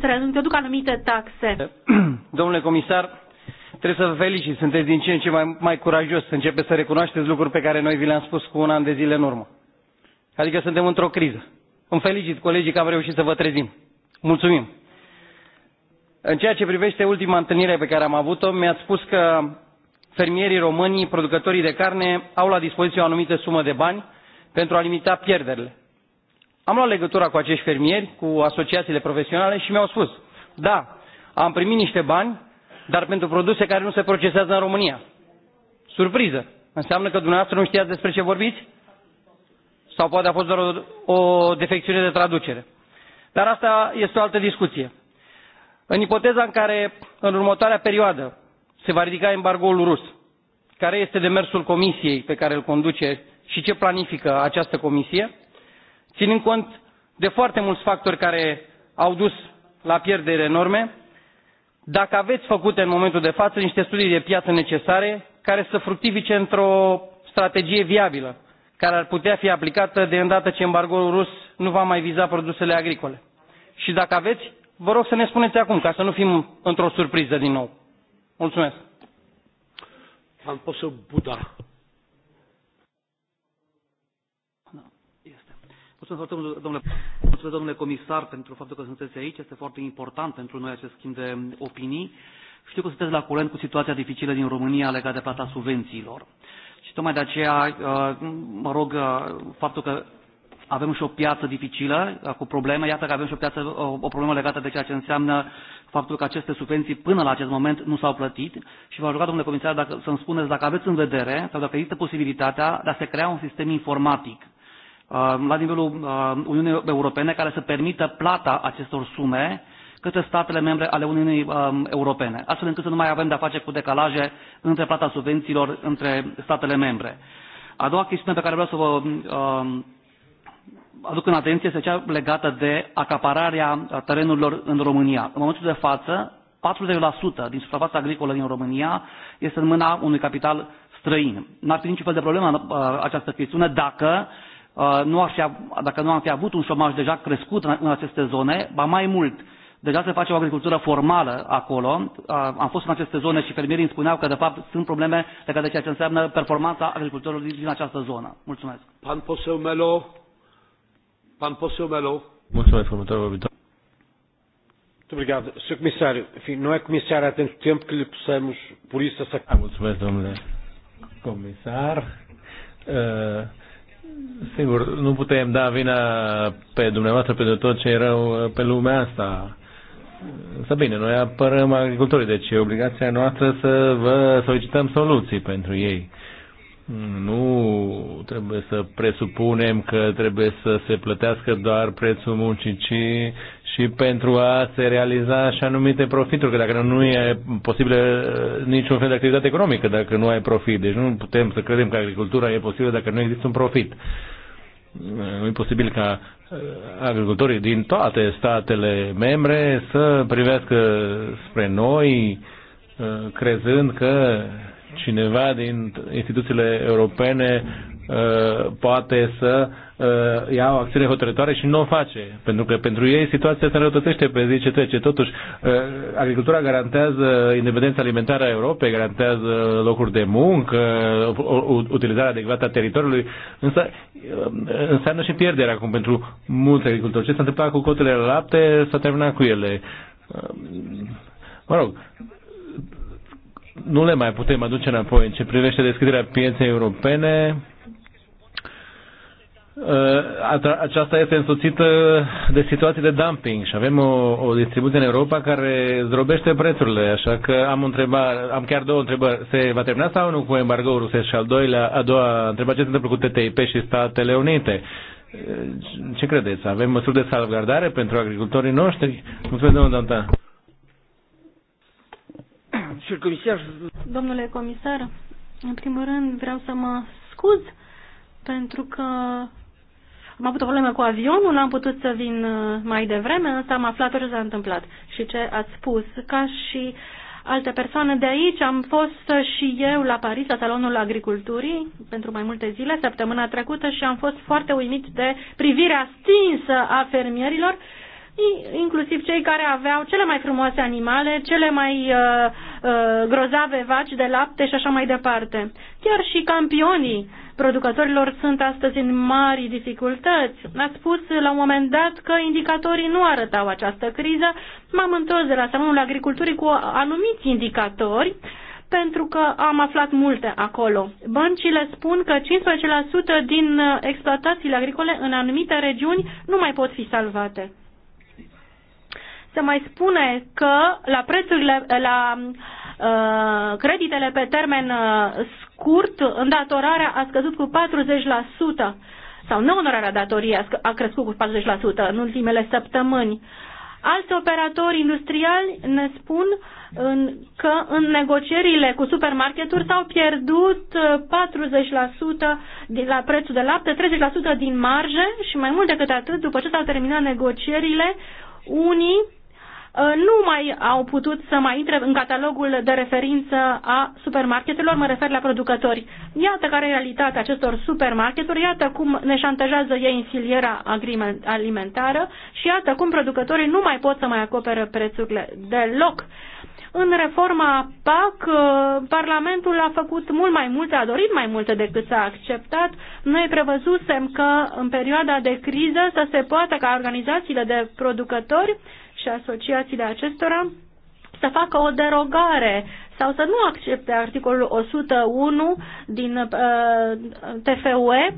să reduc anumite taxe. [clears throat] Domnule comisar, trebuie să vă felicit. Sunteți din ce în ce mai, mai curajos. Începeți să recunoașteți lucruri pe care noi vi le-am spus cu un an de zile în urmă. Adică suntem într-o criză. Îmi felicit colegii că am reușit să vă trezim. Mulțumim! În ceea ce privește ultima întâlnire pe care am avut-o, mi-ați spus că fermierii români, producătorii de carne, au la dispoziție o anumită sumă de bani pentru a limita pierderile. Am luat legătura cu acești fermieri, cu asociațiile profesionale și mi-au spus, da, am primit niște bani, dar pentru produse care nu se procesează în România. Surpriză! Înseamnă că dumneavoastră nu știați despre ce vorbiți? Sau poate a fost doar o, o defecțiune de traducere. Dar asta este o altă discuție în ipoteza în care în următoarea perioadă se va ridica embargoul rus care este demersul comisiei pe care îl conduce și ce planifică această comisie ținând cont de foarte mulți factori care au dus la pierderi enorme dacă aveți făcute în momentul de față niște studii de piață necesare care să fructifice într o strategie viabilă care ar putea fi aplicată de îndată ce embargoul rus nu va mai viza produsele agricole și dacă aveți vă rog să ne spuneți acum, ca să nu fim într-o surpriză din nou. Mulțumesc. Am pus Buda. Da, mulțumesc foarte mult, domnule, mulțumesc, domnule comisar, pentru faptul că sunteți aici. Este foarte important pentru noi acest schimb de opinii. Știu că sunteți la curent cu situația dificilă din România legată de plata subvențiilor. Și tocmai de aceea, uh, mă rog, uh, faptul că avem și o piață dificilă, cu probleme. Iată că avem și o, piață, o, o problemă legată de ceea ce înseamnă faptul că aceste subvenții până la acest moment nu s-au plătit și v am ruga, domnule comisar, dacă, să-mi spuneți dacă aveți în vedere sau dacă există posibilitatea de a se crea un sistem informatic uh, la nivelul uh, Uniunii Europene care să permită plata acestor sume către statele membre ale Uniunii um, Europene, astfel încât să nu mai avem de-a face cu decalaje între plata subvențiilor între statele membre. A doua chestiune pe care vreau să vă um, aduc în atenție este cea legată de acapararea terenurilor în România. În momentul de față, 40% din suprafața agricolă din România este în mâna unui capital străin. N-ar fi niciun fel de problemă uh, această chestiune dacă uh, nu ar fi, dacă nu am fi avut un șomaj deja crescut în aceste zone, ba mai mult, deja se face o agricultură formală acolo. Uh, am fost în aceste zone și fermierii îmi spuneau că, de fapt, sunt probleme legate de ceea ce înseamnă performanța agricultorilor din această zonă. Mulțumesc. Pan Melo. Pan poseł Melo. Mulțumesc, următorul vorbitor. Muito obrigado. Sr. Comissário, enfim, não é comissário há tanto tempo que lhe possamos, por isso, essa... Ah, muito bem, domnule comisar. Uh, sigur, nu putem da vina pe dumneavoastră pentru tot ce e rău eh, pe lumea asta. Să bine, noi apărăm agricultorii, deci e obligația noastră să vă solicităm soluții pentru ei. Uh, nu trebuie să presupunem că trebuie să se plătească doar prețul muncii, ci și pentru a se realiza așa anumite profituri, că dacă nu e posibil uh, niciun fel de activitate economică, dacă nu ai profit. Deci nu putem să credem că agricultura e posibilă dacă nu există un profit. Uh, nu e posibil ca uh, agricultorii din toate statele membre să privească spre noi, crezând că cineva din instituțiile europene uh, poate să uh, ia o acțiune hotărătoare și nu o face. Pentru că pentru ei situația se înrăutățește pe zi ce trece. Totuși, uh, agricultura garantează independența alimentară a Europei, garantează locuri de muncă, utilizarea adecvată a teritoriului, însă înseamnă și pierderea acum pentru mulți agricultori. Ce s-a întâmplat cu cotele la lapte s-a terminat cu ele. Mă rog, nu le mai putem aduce înapoi. În ce privește deschiderea pieței europene, ă, aceasta este însoțită de situații de dumping și avem o, o distribuție în Europa care zdrobește prețurile, așa că am întrebat, am chiar două întrebări. Se va termina sau nu cu embargo rusesc? Și al doilea, a doua întrebare, ce se întâmplă cu TTIP și Statele Unite? Ce credeți? Avem măsuri de salvgardare pentru agricultorii noștri? Mulțumesc, domnul Dantan. Domnule comisar, în primul rând vreau să mă scuz pentru că am avut o problemă cu avionul, n-am putut să vin uh, mai devreme, însă am aflat ce s-a întâmplat și ce ați spus. Ca și alte persoane de aici, am fost și eu la Paris, la Salonul Agriculturii, pentru mai multe zile, săptămâna trecută, și am fost foarte uimit de privirea stinsă a fermierilor uh, inclusiv cei care aveau cele mai frumoase animale, cele mai uh, uh, grozave vaci de lapte și așa mai departe. Chiar și campionii producătorilor sunt astăzi în mari dificultăți. A spus la un moment dat că indicatorii nu arătau această criză. M-am întors de la Salonul Agriculturii cu anumiți indicatori pentru că am aflat multe acolo. Băncile spun că 15% din uh, exploatațiile agricole în anumite regiuni nu mai pot fi salvate se mai spune că la prețurile, la uh, creditele pe termen uh, scurt, îndatorarea a scăzut cu 40% sau neonorarea datoriei a crescut cu 40% în ultimele săptămâni. Alți operatori industriali ne spun în, că în negocierile cu supermarketuri s-au pierdut 40% uh, din, la prețul de lapte, 30% din marje și mai mult decât atât, după ce s-au terminat negocierile, unii Uh, nu mai au putut să mai intre în catalogul de referință a supermarketelor, mă refer la producători. Iată care e realitatea acestor supermarketuri, iată cum ne șantajează ei în filiera alimentară și iată cum producătorii nu mai pot să mai acopere prețurile deloc. În reforma PAC, uh, Parlamentul a făcut mult mai multe, a dorit mai multe decât s-a acceptat. Noi prevăzusem că în perioada de criză să se poată ca organizațiile de producători și asociațiile acestora să facă o derogare sau să nu accepte articolul 101 din uh, TFUE.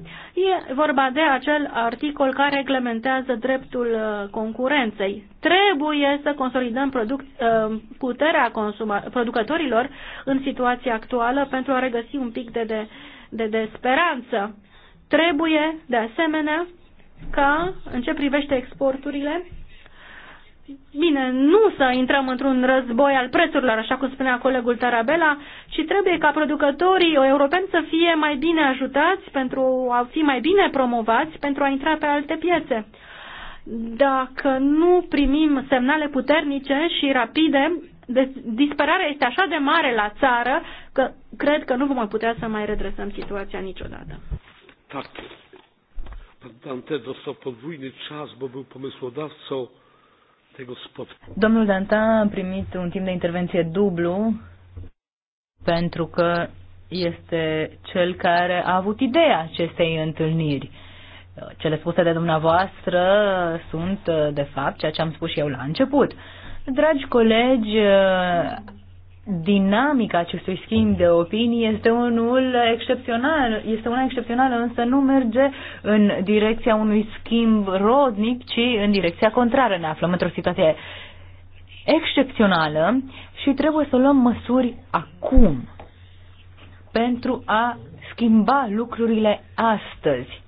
E vorba de acel articol care reglementează dreptul uh, concurenței. Trebuie să consolidăm produc, uh, puterea consuma, producătorilor în situația actuală pentru a regăsi un pic de, de, de, de speranță. Trebuie, de asemenea, ca, în ce privește exporturile, bine, nu să intrăm într-un război al prețurilor, așa cum spunea colegul Tarabela, ci trebuie ca producătorii europeni să fie mai bine ajutați pentru a fi mai bine promovați pentru a intra pe alte piețe. Dacă nu primim semnale puternice și rapide, disperarea este așa de mare la țară că cred că nu vom mai putea să mai redresăm situația niciodată. Tak. Pan Dante dostał podwójny czas, bo był pomysłodawcą Domnul Danta a primit un timp de intervenție dublu pentru că este cel care a avut ideea acestei întâlniri. Cele spuse de dumneavoastră sunt, de fapt, ceea ce am spus și eu la început. Dragi colegi, dinamica acestui schimb de opinii este unul excepțional, este una excepțională, însă nu merge în direcția unui schimb rodnic, ci în direcția contrară. Ne aflăm într-o situație excepțională și trebuie să luăm măsuri acum pentru a schimba lucrurile astăzi.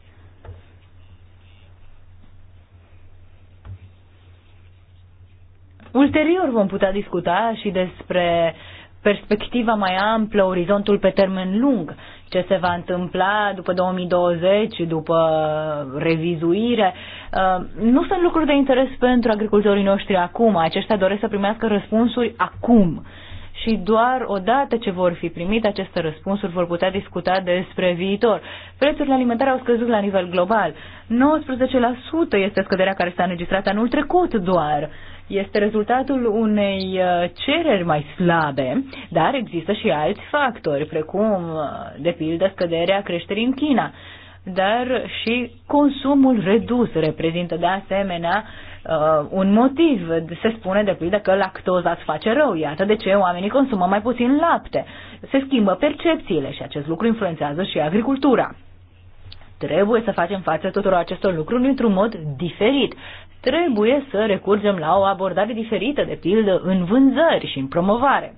Ulterior vom putea discuta și despre perspectiva mai amplă, orizontul pe termen lung, ce se va întâmpla după 2020, după revizuire. Uh, nu sunt lucruri de interes pentru agricultorii noștri acum. Aceștia doresc să primească răspunsuri acum. Și doar odată ce vor fi primite aceste răspunsuri, vor putea discuta despre viitor. Prețurile alimentare au scăzut la nivel global. 19% este scăderea care s-a înregistrat anul trecut doar este rezultatul unei uh, cereri mai slabe, dar există și alți factori, precum, uh, de pildă, scăderea creșterii în China. Dar și consumul redus reprezintă, de asemenea, uh, un motiv. Se spune, de pildă, că lactoza îți face rău, iată de ce oamenii consumă mai puțin lapte. Se schimbă percepțiile și acest lucru influențează și agricultura trebuie să facem față tuturor acestor lucruri într-un mod diferit. Trebuie să recurgem la o abordare diferită, de pildă, în vânzări și în promovare.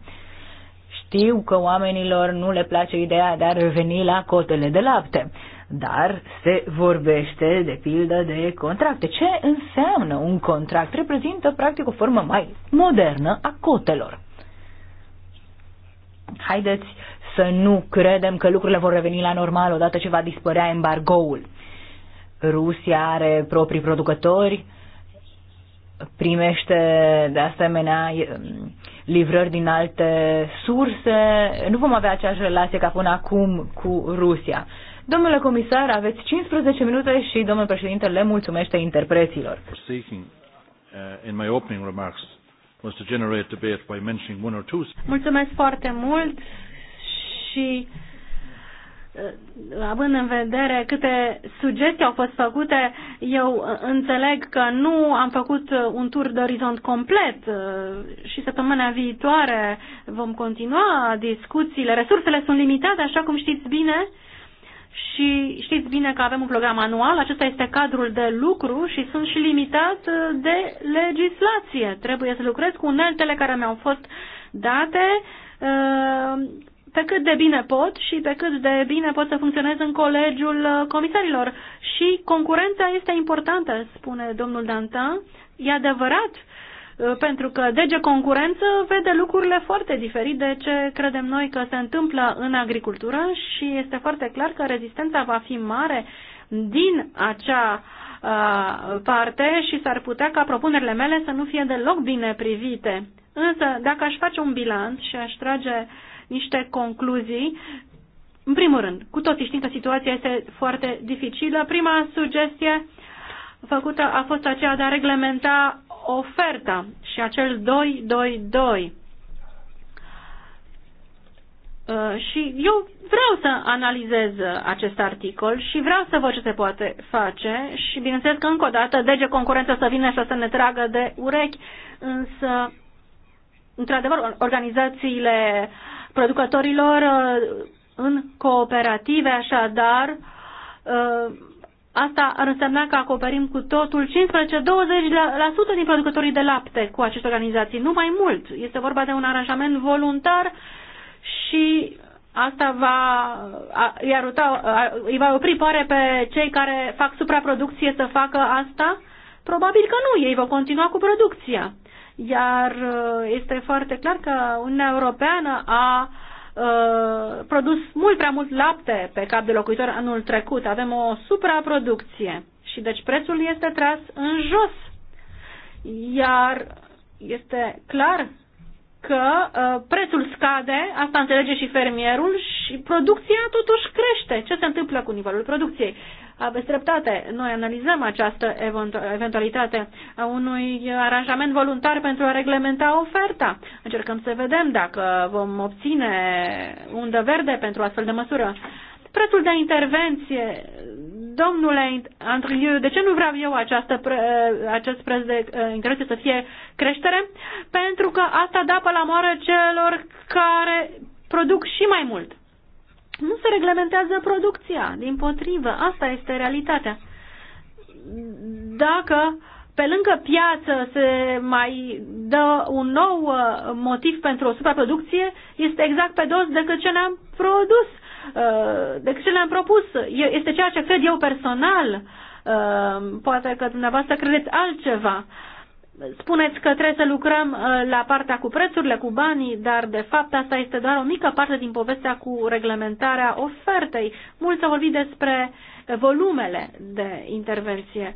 Știu că oamenilor nu le place ideea de a reveni la cotele de lapte, dar se vorbește, de pildă, de contracte. Ce înseamnă un contract? Reprezintă, practic, o formă mai modernă a cotelor. Haideți să nu credem că lucrurile vor reveni la normal odată ce va dispărea embargoul. Rusia are proprii producători, primește de asemenea livrări din alte surse. Nu vom avea aceeași relație ca până acum cu Rusia. Domnule comisar, aveți 15 minute și domnul președinte le mulțumește interpreților. Uh, Mulțumesc foarte mult și uh, având în vedere câte sugestii au fost făcute, eu uh, înțeleg că nu am făcut uh, un tur de orizont complet și săptămâna viitoare vom continua discuțiile. Resursele sunt limitate, așa cum știți bine, și știți bine că avem un program anual, acesta este cadrul de lucru și sunt și limitat de legislație. Trebuie să lucrez cu uneltele care mi-au fost date pe cât de bine pot și pe cât de bine pot să funcționez în colegiul uh, comisarilor. Și concurența este importantă, spune domnul Dantin. E adevărat, uh, pentru că dege Concurență vede lucrurile foarte diferit de ce credem noi că se întâmplă în agricultură și este foarte clar că rezistența va fi mare din acea uh, parte și s-ar putea ca propunerile mele să nu fie deloc bine privite. Însă, dacă aș face un bilanț și aș trage uh, niște concluzii. În primul rând, cu toții știm că situația este foarte dificilă. Prima sugestie făcută a fost aceea de a reglementa oferta și acel 222. Uh, și eu vreau să analizez uh, acest articol și vreau să văd ce se poate face și bineînțeles că încă o dată dege concurență să vină și să ne tragă de urechi, însă într-adevăr organizațiile producătorilor uh, în cooperative, așadar, uh, asta ar însemna că acoperim cu totul 15-20% din producătorii de lapte cu aceste organizații, nu mai mult. Este vorba de un aranjament voluntar și asta va, îi, aruta, îi va opri pare pe cei care fac supraproducție să facă asta? Probabil că nu, ei vor continua cu producția iar uh, este foarte clar că Uniunea Europeană a uh, produs mult prea mult lapte pe cap de locuitor anul trecut. Avem o supraproducție și deci prețul este tras în jos. Iar este clar că uh, prețul scade, asta înțelege și fermierul, și producția totuși crește. Ce se întâmplă cu nivelul producției? aveți dreptate. Noi analizăm această eventualitate a unui aranjament voluntar pentru a reglementa oferta. Încercăm să vedem dacă vom obține undă verde pentru astfel de măsură. Prețul de intervenție, domnule Andriu, de ce nu vreau eu această, acest preț de eh, intervenție să fie creștere? Pentru că asta dă pe la moară celor care produc și mai mult nu se reglementează producția. Din potrivă, asta este realitatea. Dacă pe lângă piață se mai dă un nou uh, motiv pentru o supraproducție, este exact pe dos decât ce ne-am produs, uh, decât ce ne-am propus. Este ceea ce cred eu personal. Uh, poate că dumneavoastră credeți altceva spuneți că trebuie să lucrăm uh, la partea cu prețurile, cu banii, dar de fapt asta este doar o mică parte din povestea cu reglementarea ofertei. Mulți au vorbit despre volumele de intervenție.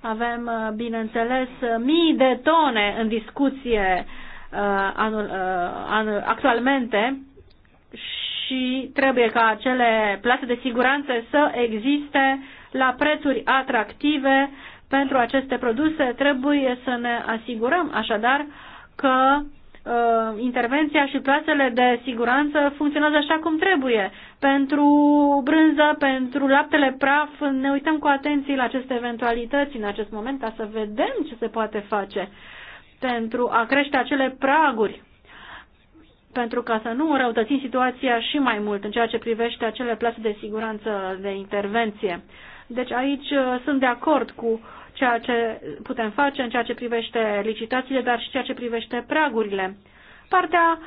Avem, uh, bineînțeles, mii de tone în discuție uh, anul, anul, actualmente și trebuie ca acele plase de siguranță să existe la prețuri atractive pentru aceste produse, trebuie să ne asigurăm așadar că uh, intervenția și plasele de siguranță funcționează așa cum trebuie. Pentru brânză, pentru laptele praf, ne uităm cu atenție la aceste eventualități în acest moment ca să vedem ce se poate face pentru a crește acele praguri pentru ca să nu răutățim situația și mai mult în ceea ce privește acele plase de siguranță de intervenție. Deci aici uh, sunt de acord cu ceea ce putem face în ceea ce privește licitațiile, dar și ceea ce privește pragurile. Partea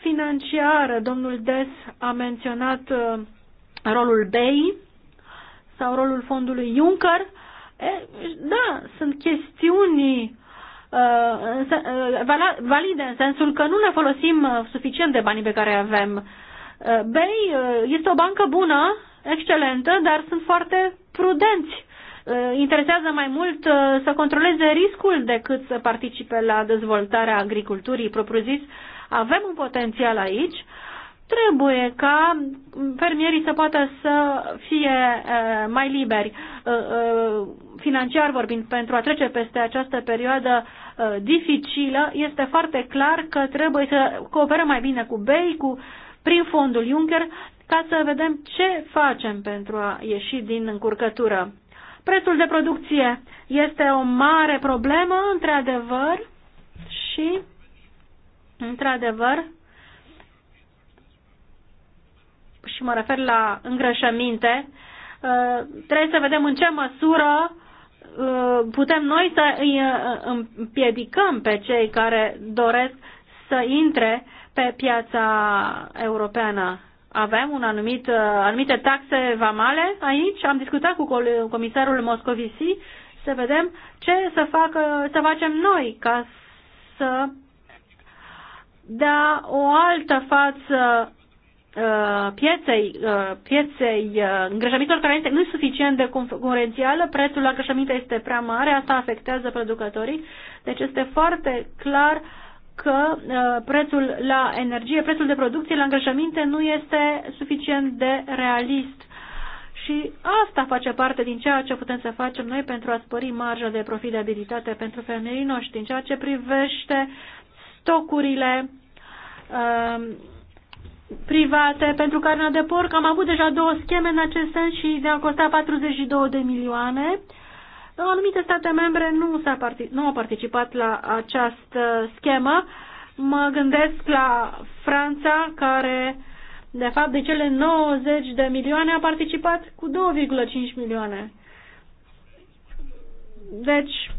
financiară, domnul Des a menționat uh, rolul BEI sau rolul fondului Juncker. E, da, sunt chestiuni uh, uh, valide în sensul că nu ne folosim suficient de banii pe care avem. BEI este o bancă bună, excelentă, dar sunt foarte prudenți interesează mai mult să controleze riscul decât să participe la dezvoltarea agriculturii propriu-zis. Avem un potențial aici. Trebuie ca fermierii să poată să fie mai liberi financiar vorbind pentru a trece peste această perioadă dificilă. Este foarte clar că trebuie să cooperăm mai bine cu BEI, cu prin fondul Juncker ca să vedem ce facem pentru a ieși din încurcătură. Prețul de producție este o mare problemă, într-adevăr, și, într-adevăr, și mă refer la îngrășăminte, uh, trebuie să vedem în ce măsură uh, putem noi să îi uh, împiedicăm pe cei care doresc să intre pe piața europeană avem un anumit, uh, anumite taxe vamale aici. Am discutat cu comisarul Moscovici să vedem ce să, facă, să facem noi ca să dea o altă față uh, pieței, uh, pieței îngrășămintelor care este nu suficient de concurențială, prețul la îngrășăminte este prea mare, asta afectează producătorii, deci este foarte clar uh, că uh, prețul la energie, prețul de producție la îngrășăminte nu este suficient de realist. Și asta face parte din ceea ce putem să facem noi pentru a spări marja de profitabilitate pentru femeii noștri, în ceea ce privește stocurile uh, private pentru carnea de porc. Am avut deja două scheme în acest sens și de a costa 42 de milioane. Uh, Anumite state membre nu, s-a partic- nu au participat la această schemă. Mă gândesc la Franța, care, de fapt, de cele 90 de milioane a participat cu 2,5 milioane. Deci,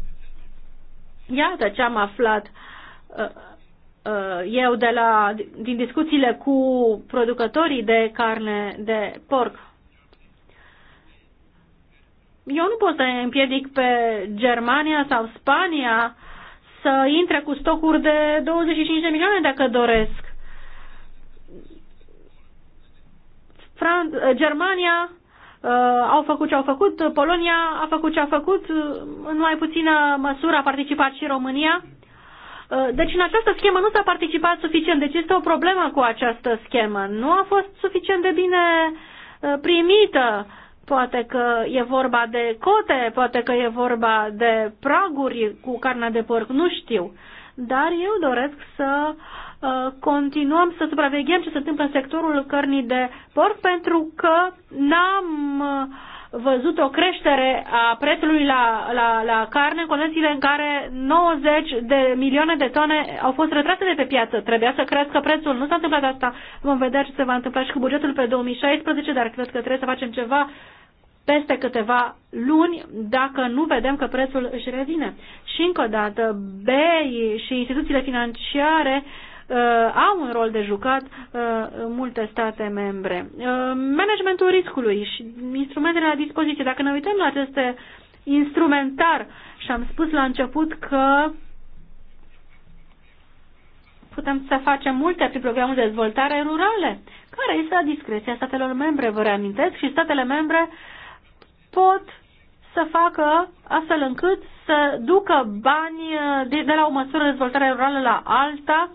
iată ce am aflat uh, uh, eu de la, din discuțiile cu producătorii de carne de porc eu nu pot să împiedic pe Germania sau Spania să intre cu stocuri de 25 de milioane dacă doresc. Fran- Germania uh, au făcut ce au făcut, Polonia a făcut ce a făcut, uh, în mai puțină măsură a participat și România. Uh, deci în această schemă nu s-a participat suficient, deci este o problemă cu această schemă. Nu a fost suficient de bine uh, primită Poate că e vorba de cote, poate că e vorba de praguri cu carne de porc, nu știu. Dar eu doresc să uh, continuăm să supraveghem ce se întâmplă în sectorul cărnii de porc pentru că n-am uh, văzut o creștere a prețului la, la, la carne în condițiile în care 90 de milioane de tone au fost retrase de pe piață. Trebuia să crească prețul. Nu s-a întâmplat asta. Vom vedea ce se va întâmpla și cu bugetul pe 2016, dar cred că trebuie să facem ceva peste câteva luni dacă nu vedem că prețul își revine. Și încă o dată, BEI și instituțiile financiare uh, Uh, au un rol de jucat uh, în multe state membre. Uh, managementul riscului și instrumentele la dispoziție. Dacă ne uităm la aceste instrumentar și am spus la început că putem să facem multe prin programul de dezvoltare rurale, care este la discreția statelor membre, vă reamintesc, și statele membre pot să facă astfel încât să ducă bani de, de la o măsură de dezvoltare rurală la alta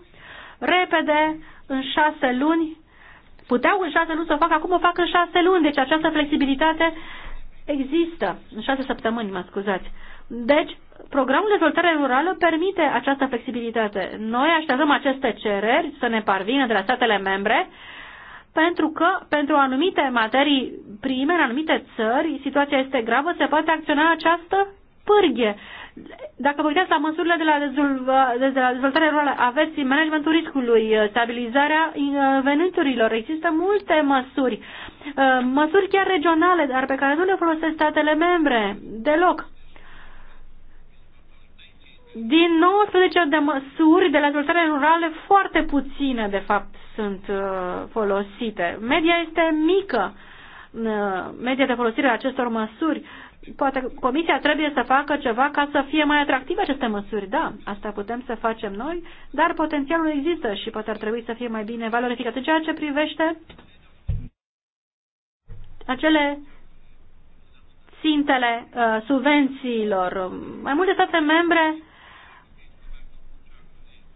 repede, în șase luni. Puteau în șase luni să o facă, acum o fac în șase luni, deci această flexibilitate există. În șase săptămâni, mă scuzați. Deci, programul de dezvoltare rurală permite această flexibilitate. Noi așteptăm aceste cereri să ne parvină de la statele membre, pentru că pentru anumite materii prime, în anumite țări, situația este gravă, se poate acționa această pârghie. Dacă vă uitați la măsurile de la, dezvolva, de la dezvoltare rurală, aveți managementul riscului, uh, stabilizarea uh, veniturilor, există multe măsuri, uh, măsuri chiar regionale, dar pe care nu le folosesc statele membre deloc. Din 19 de măsuri de la dezvoltare rurală, foarte puține, de fapt, sunt folosite. Media este mică, media de folosire a acestor măsuri poate Comisia trebuie să facă ceva ca să fie mai atractive aceste măsuri. Da, asta putem să facem noi, dar potențialul există și poate ar trebui să fie mai bine valorificat. În ceea ce privește acele țintele uh, subvențiilor, um, mai multe state membre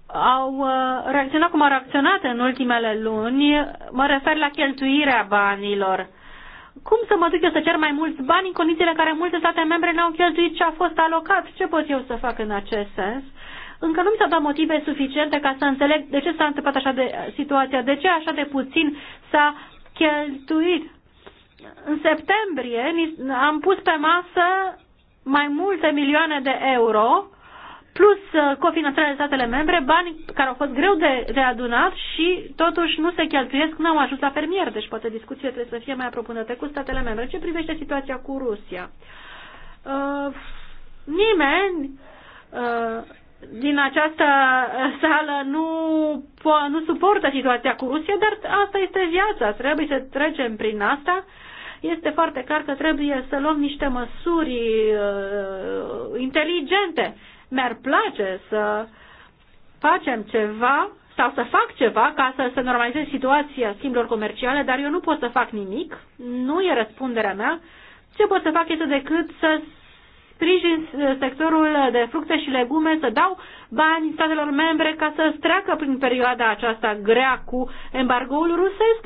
au uh, reacționat cum au reacționat în ultimele luni. Mă refer la cheltuirea banilor. Uh, cum să mă duc eu să cer mai mulți bani în condițiile în care multe state membre n-au cheltuit ce a fost alocat? Ce pot eu să fac în acest sens? Încă nu mi s-au dat motive suficiente ca să înțeleg de ce s-a întâmplat așa de situația, de ce așa de puțin s-a cheltuit. În septembrie am pus pe masă mai multe milioane de euro plus uh, cofinanțarea de statele membre, bani care au fost greu de, de adunat și totuși nu se cheltuiesc, nu au ajuns la fermier, deci poate discuția trebuie să fie mai apropiată cu statele membre. Ce privește situația cu Rusia? Uh, nimeni uh, din această sală nu, nu suportă situația cu Rusia, dar asta este viața, trebuie să trecem prin asta. Este foarte clar că trebuie să luăm niște măsuri uh, inteligente mi-ar place să facem ceva sau să fac ceva ca să se normalizeze situația schimbilor comerciale, dar eu nu pot să fac nimic, nu e răspunderea mea. Ce pot să fac este decât să sprijin uh, sectorul de fructe și legume, să dau bani statelor membre ca să treacă prin perioada aceasta grea cu embargoul rusesc.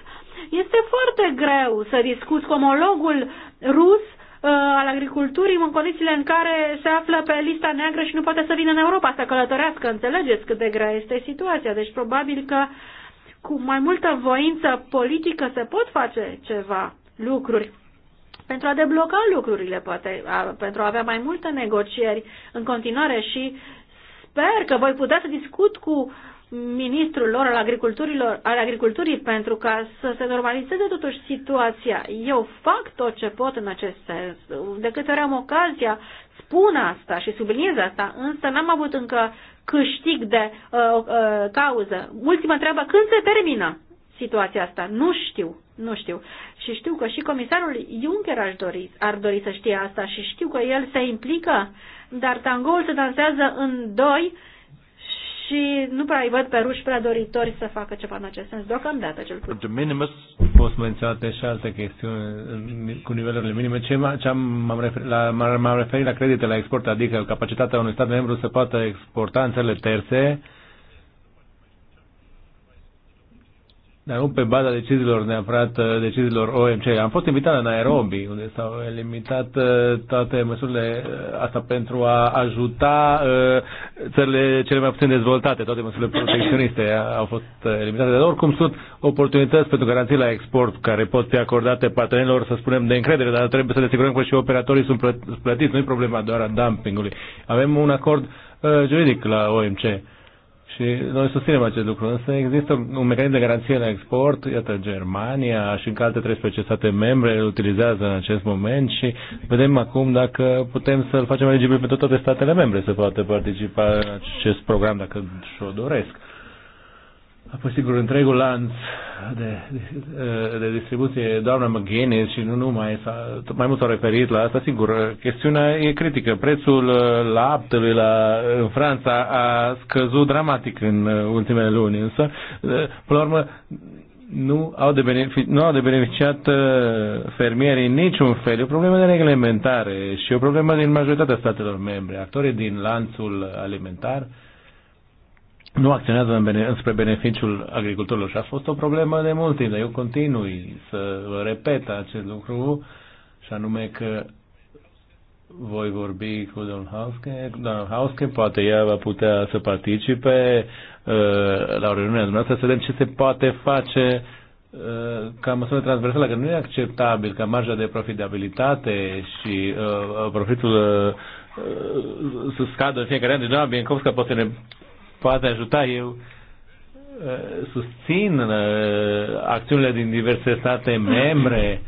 Este foarte greu să discuți cu omologul rus Uh, al agriculturii în condițiile în care se află pe lista neagră și nu poate să vină în Europa să călătorească. Înțelegeți cât de grea este situația. Deci probabil că cu mai multă voință politică se pot face ceva lucruri pentru a debloca lucrurile, poate, a, pentru a avea mai multe negocieri în continuare și sper că voi putea să discut cu uh, ministrul lor al, agriculturilor, al agriculturii pentru ca să se normalizeze totuși situația. Eu fac tot ce pot în acest sens. De câte ori am ocazia, spun asta și subliniez asta, însă n-am avut încă câștig de uh, uh, cauză. Ultima treabă, când se termină situația asta? Nu știu, nu știu. Și știu că și comisarul Juncker aș dori, ar dori să știe asta și știu că el se implică, dar tangoul se dansează în doi și nu prea îi văd pe ruși prea doritori să facă ceva în acest sens, deocamdată cel puțin. De minimis. Fost menționate și alte chestiuni cu nivelurile minime. Ce m-am referit, referit la credite la export, adică capacitatea unui stat membru să poată exporta în țările terțe dar nu pe baza deciziilor neapărat uh, deciziilor OMC. Am fost invitat la Nairobi, unde s-au limitat uh, toate măsurile uh, asta pentru a ajuta țările cele mai puțin dezvoltate. Toate măsurile protecționiste au fost limitate, dar oricum sunt oportunități pentru garanții la export care pot fi acordate partenerilor, să spunem, de încredere, dar trebuie să ne asigurăm că și operatorii sunt plătiți. Nu e problema doar a dumpingului. Avem un acord juridic la OMC și noi susținem acest lucru, însă există un mecanism de garanție la export, iată, Germania și încă alte 13 state membre îl utilizează în acest moment și vedem acum dacă putem să-l facem eligibil pentru toate statele membre să poată participa în acest program dacă și-o doresc. Apoi, sigur, întregul lanț de, de, eh, de distribuție, doamna McGuinness și nu numai, mai mult s-au referit la asta, sigur, chestiunea e critică. Prețul eh, laptelui la, în Franța a scăzut dramatic în eh, ultimele luni, însă, până la urmă, nu au de, benefici, nu au de beneficiat fermierii niciun fel. E o problemă de reglementare și o problemă din majoritatea statelor membre. Actorii din lanțul alimentar uh, nu acționează în bene, înspre beneficiul agricultorilor și a fost o problemă de mult timp, dar eu continui să repet acest lucru și anume că voi vorbi cu domnul Hauske, domnul Hauske poate ea va putea să participe uh, la o reuniune dumneavoastră să vedem ce se poate face uh, ca măsură transversală, că nu e acceptabil ca marja de profitabilitate și uh, uh profitul uh, uh, să scadă în fiecare an. Deci, bine că poate ne poate ajuta eu uh, susțin uh, acțiunile din diverse state membre.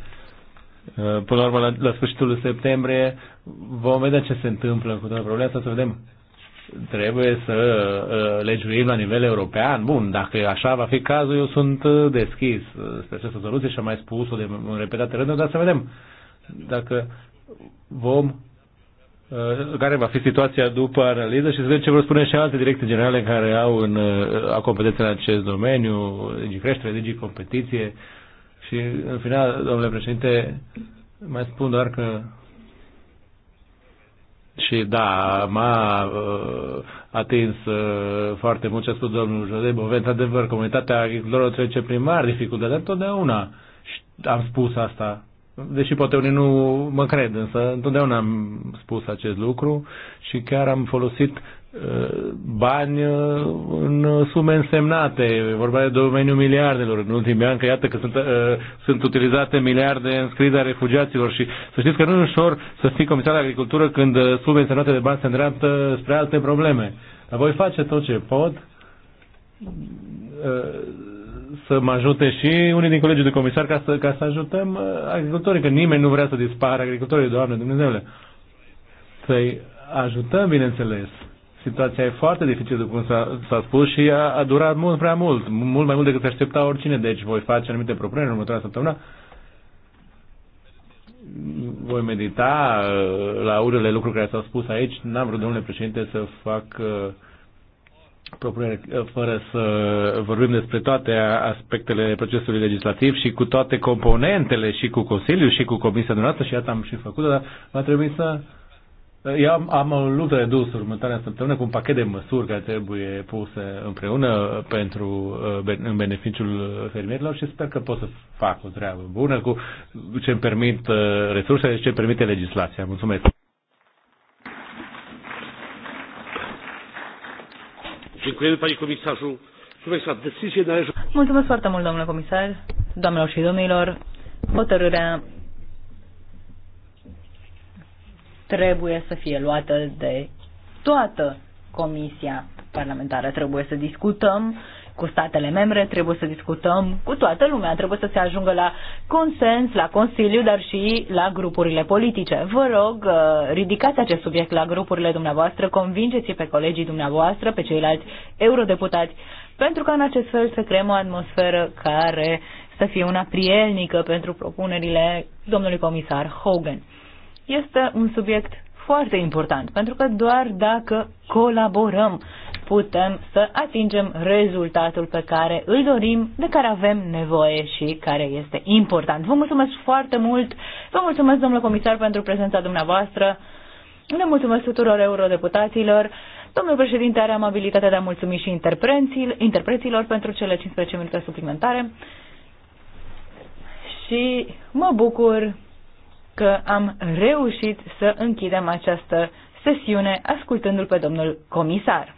Uh, până la urmă, la, la sfârșitul septembrie, vom vedea ce se întâmplă cu toată problema asta, să vedem. Trebuie să legiuim la nivel european. Bun, dacă așa va fi cazul, eu sunt deschis spre această soluție și am mai spus-o de, în repetate rânduri, dar să vedem dacă vom Uh, care va fi situația după analiză și să vedem ce vor spune și alte direcții generale care au în, uh, au competențe în acest domeniu, digi creștere, digi competiție. Și în final, domnule președinte, mai spun doar că și da, m-a uh, atins uh, foarte mult ce a spus domnul José Bove. Într-adevăr, comunitatea agricultorilor trece prin mari dificultăți, dar întotdeauna am spus asta deși poate unii nu mă cred, însă întotdeauna am spus acest lucru și chiar am folosit uh, bani uh, în sume însemnate, vorba de domeniul miliardelor în ultimii ani, că iată că sunt, uh, sunt utilizate miliarde în scrida refugiaților și să știți că nu e ușor să fii comisar de agricultură când uh, sume însemnate de bani se îndreaptă spre alte probleme. Dar voi face tot ce pot uh, să mă ajute și unii din colegii de comisar ca să, ca să ajutăm uh, agricultorii, că nimeni nu vrea să dispară agricultorii, Doamne Dumnezeule. Să-i ajutăm, bineînțeles. Situația e foarte dificilă, cum s-a, spus, și a, a durat mult prea mult, mult mai mult decât se aștepta oricine. Deci voi face anumite propuneri în următoarea săptămână voi medita uh, la urele lucruri care s-au spus aici. N-am vrut, domnule președinte, să fac uh, propunere eh, fără să vorbim despre toate aspectele procesului legislativ și cu toate componentele și cu Consiliul și cu Comisia dumneavoastră și iată am și făcut, dar va trebui să eh, eu am, am o luptă de dus următoarea săptămână cu un pachet de măsuri care trebuie puse împreună pentru, eh, în beneficiul fermierilor și sper că pot să fac o treabă bună cu ce mi permit resursele și ce mi permite legislația. Mulțumesc! Dziękujemy panie komisarzu. Mulțumesc foarte mult, domnule comisar, doamnelor și domnilor. Hotărârea trebuie să fie luată de toată comisia parlamentară. Trebuie să discutăm cu statele membre, trebuie să discutăm cu toată lumea, trebuie să se ajungă la consens, la Consiliu, dar și la grupurile politice. Vă rog, uh, ridicați acest subiect la grupurile dumneavoastră, convingeți pe colegii dumneavoastră, pe ceilalți eurodeputați, pentru că în acest fel să creăm o atmosferă care să fie una prielnică pentru propunerile domnului comisar Hogan. Este un subiect foarte important, pentru că doar dacă colaborăm, putem să atingem rezultatul pe care îl dorim, de care avem nevoie și care este important. Vă mulțumesc foarte mult, vă mulțumesc, domnule comisar, pentru prezența dumneavoastră, le mulțumesc tuturor eurodeputaților, domnul președinte are amabilitatea de a mulțumi și interpreților pentru cele 15 minute suplimentare și mă bucur că am reușit să închidem această sesiune ascultându-l pe domnul comisar.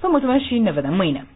Vă mulțumesc și ne vedem mâine!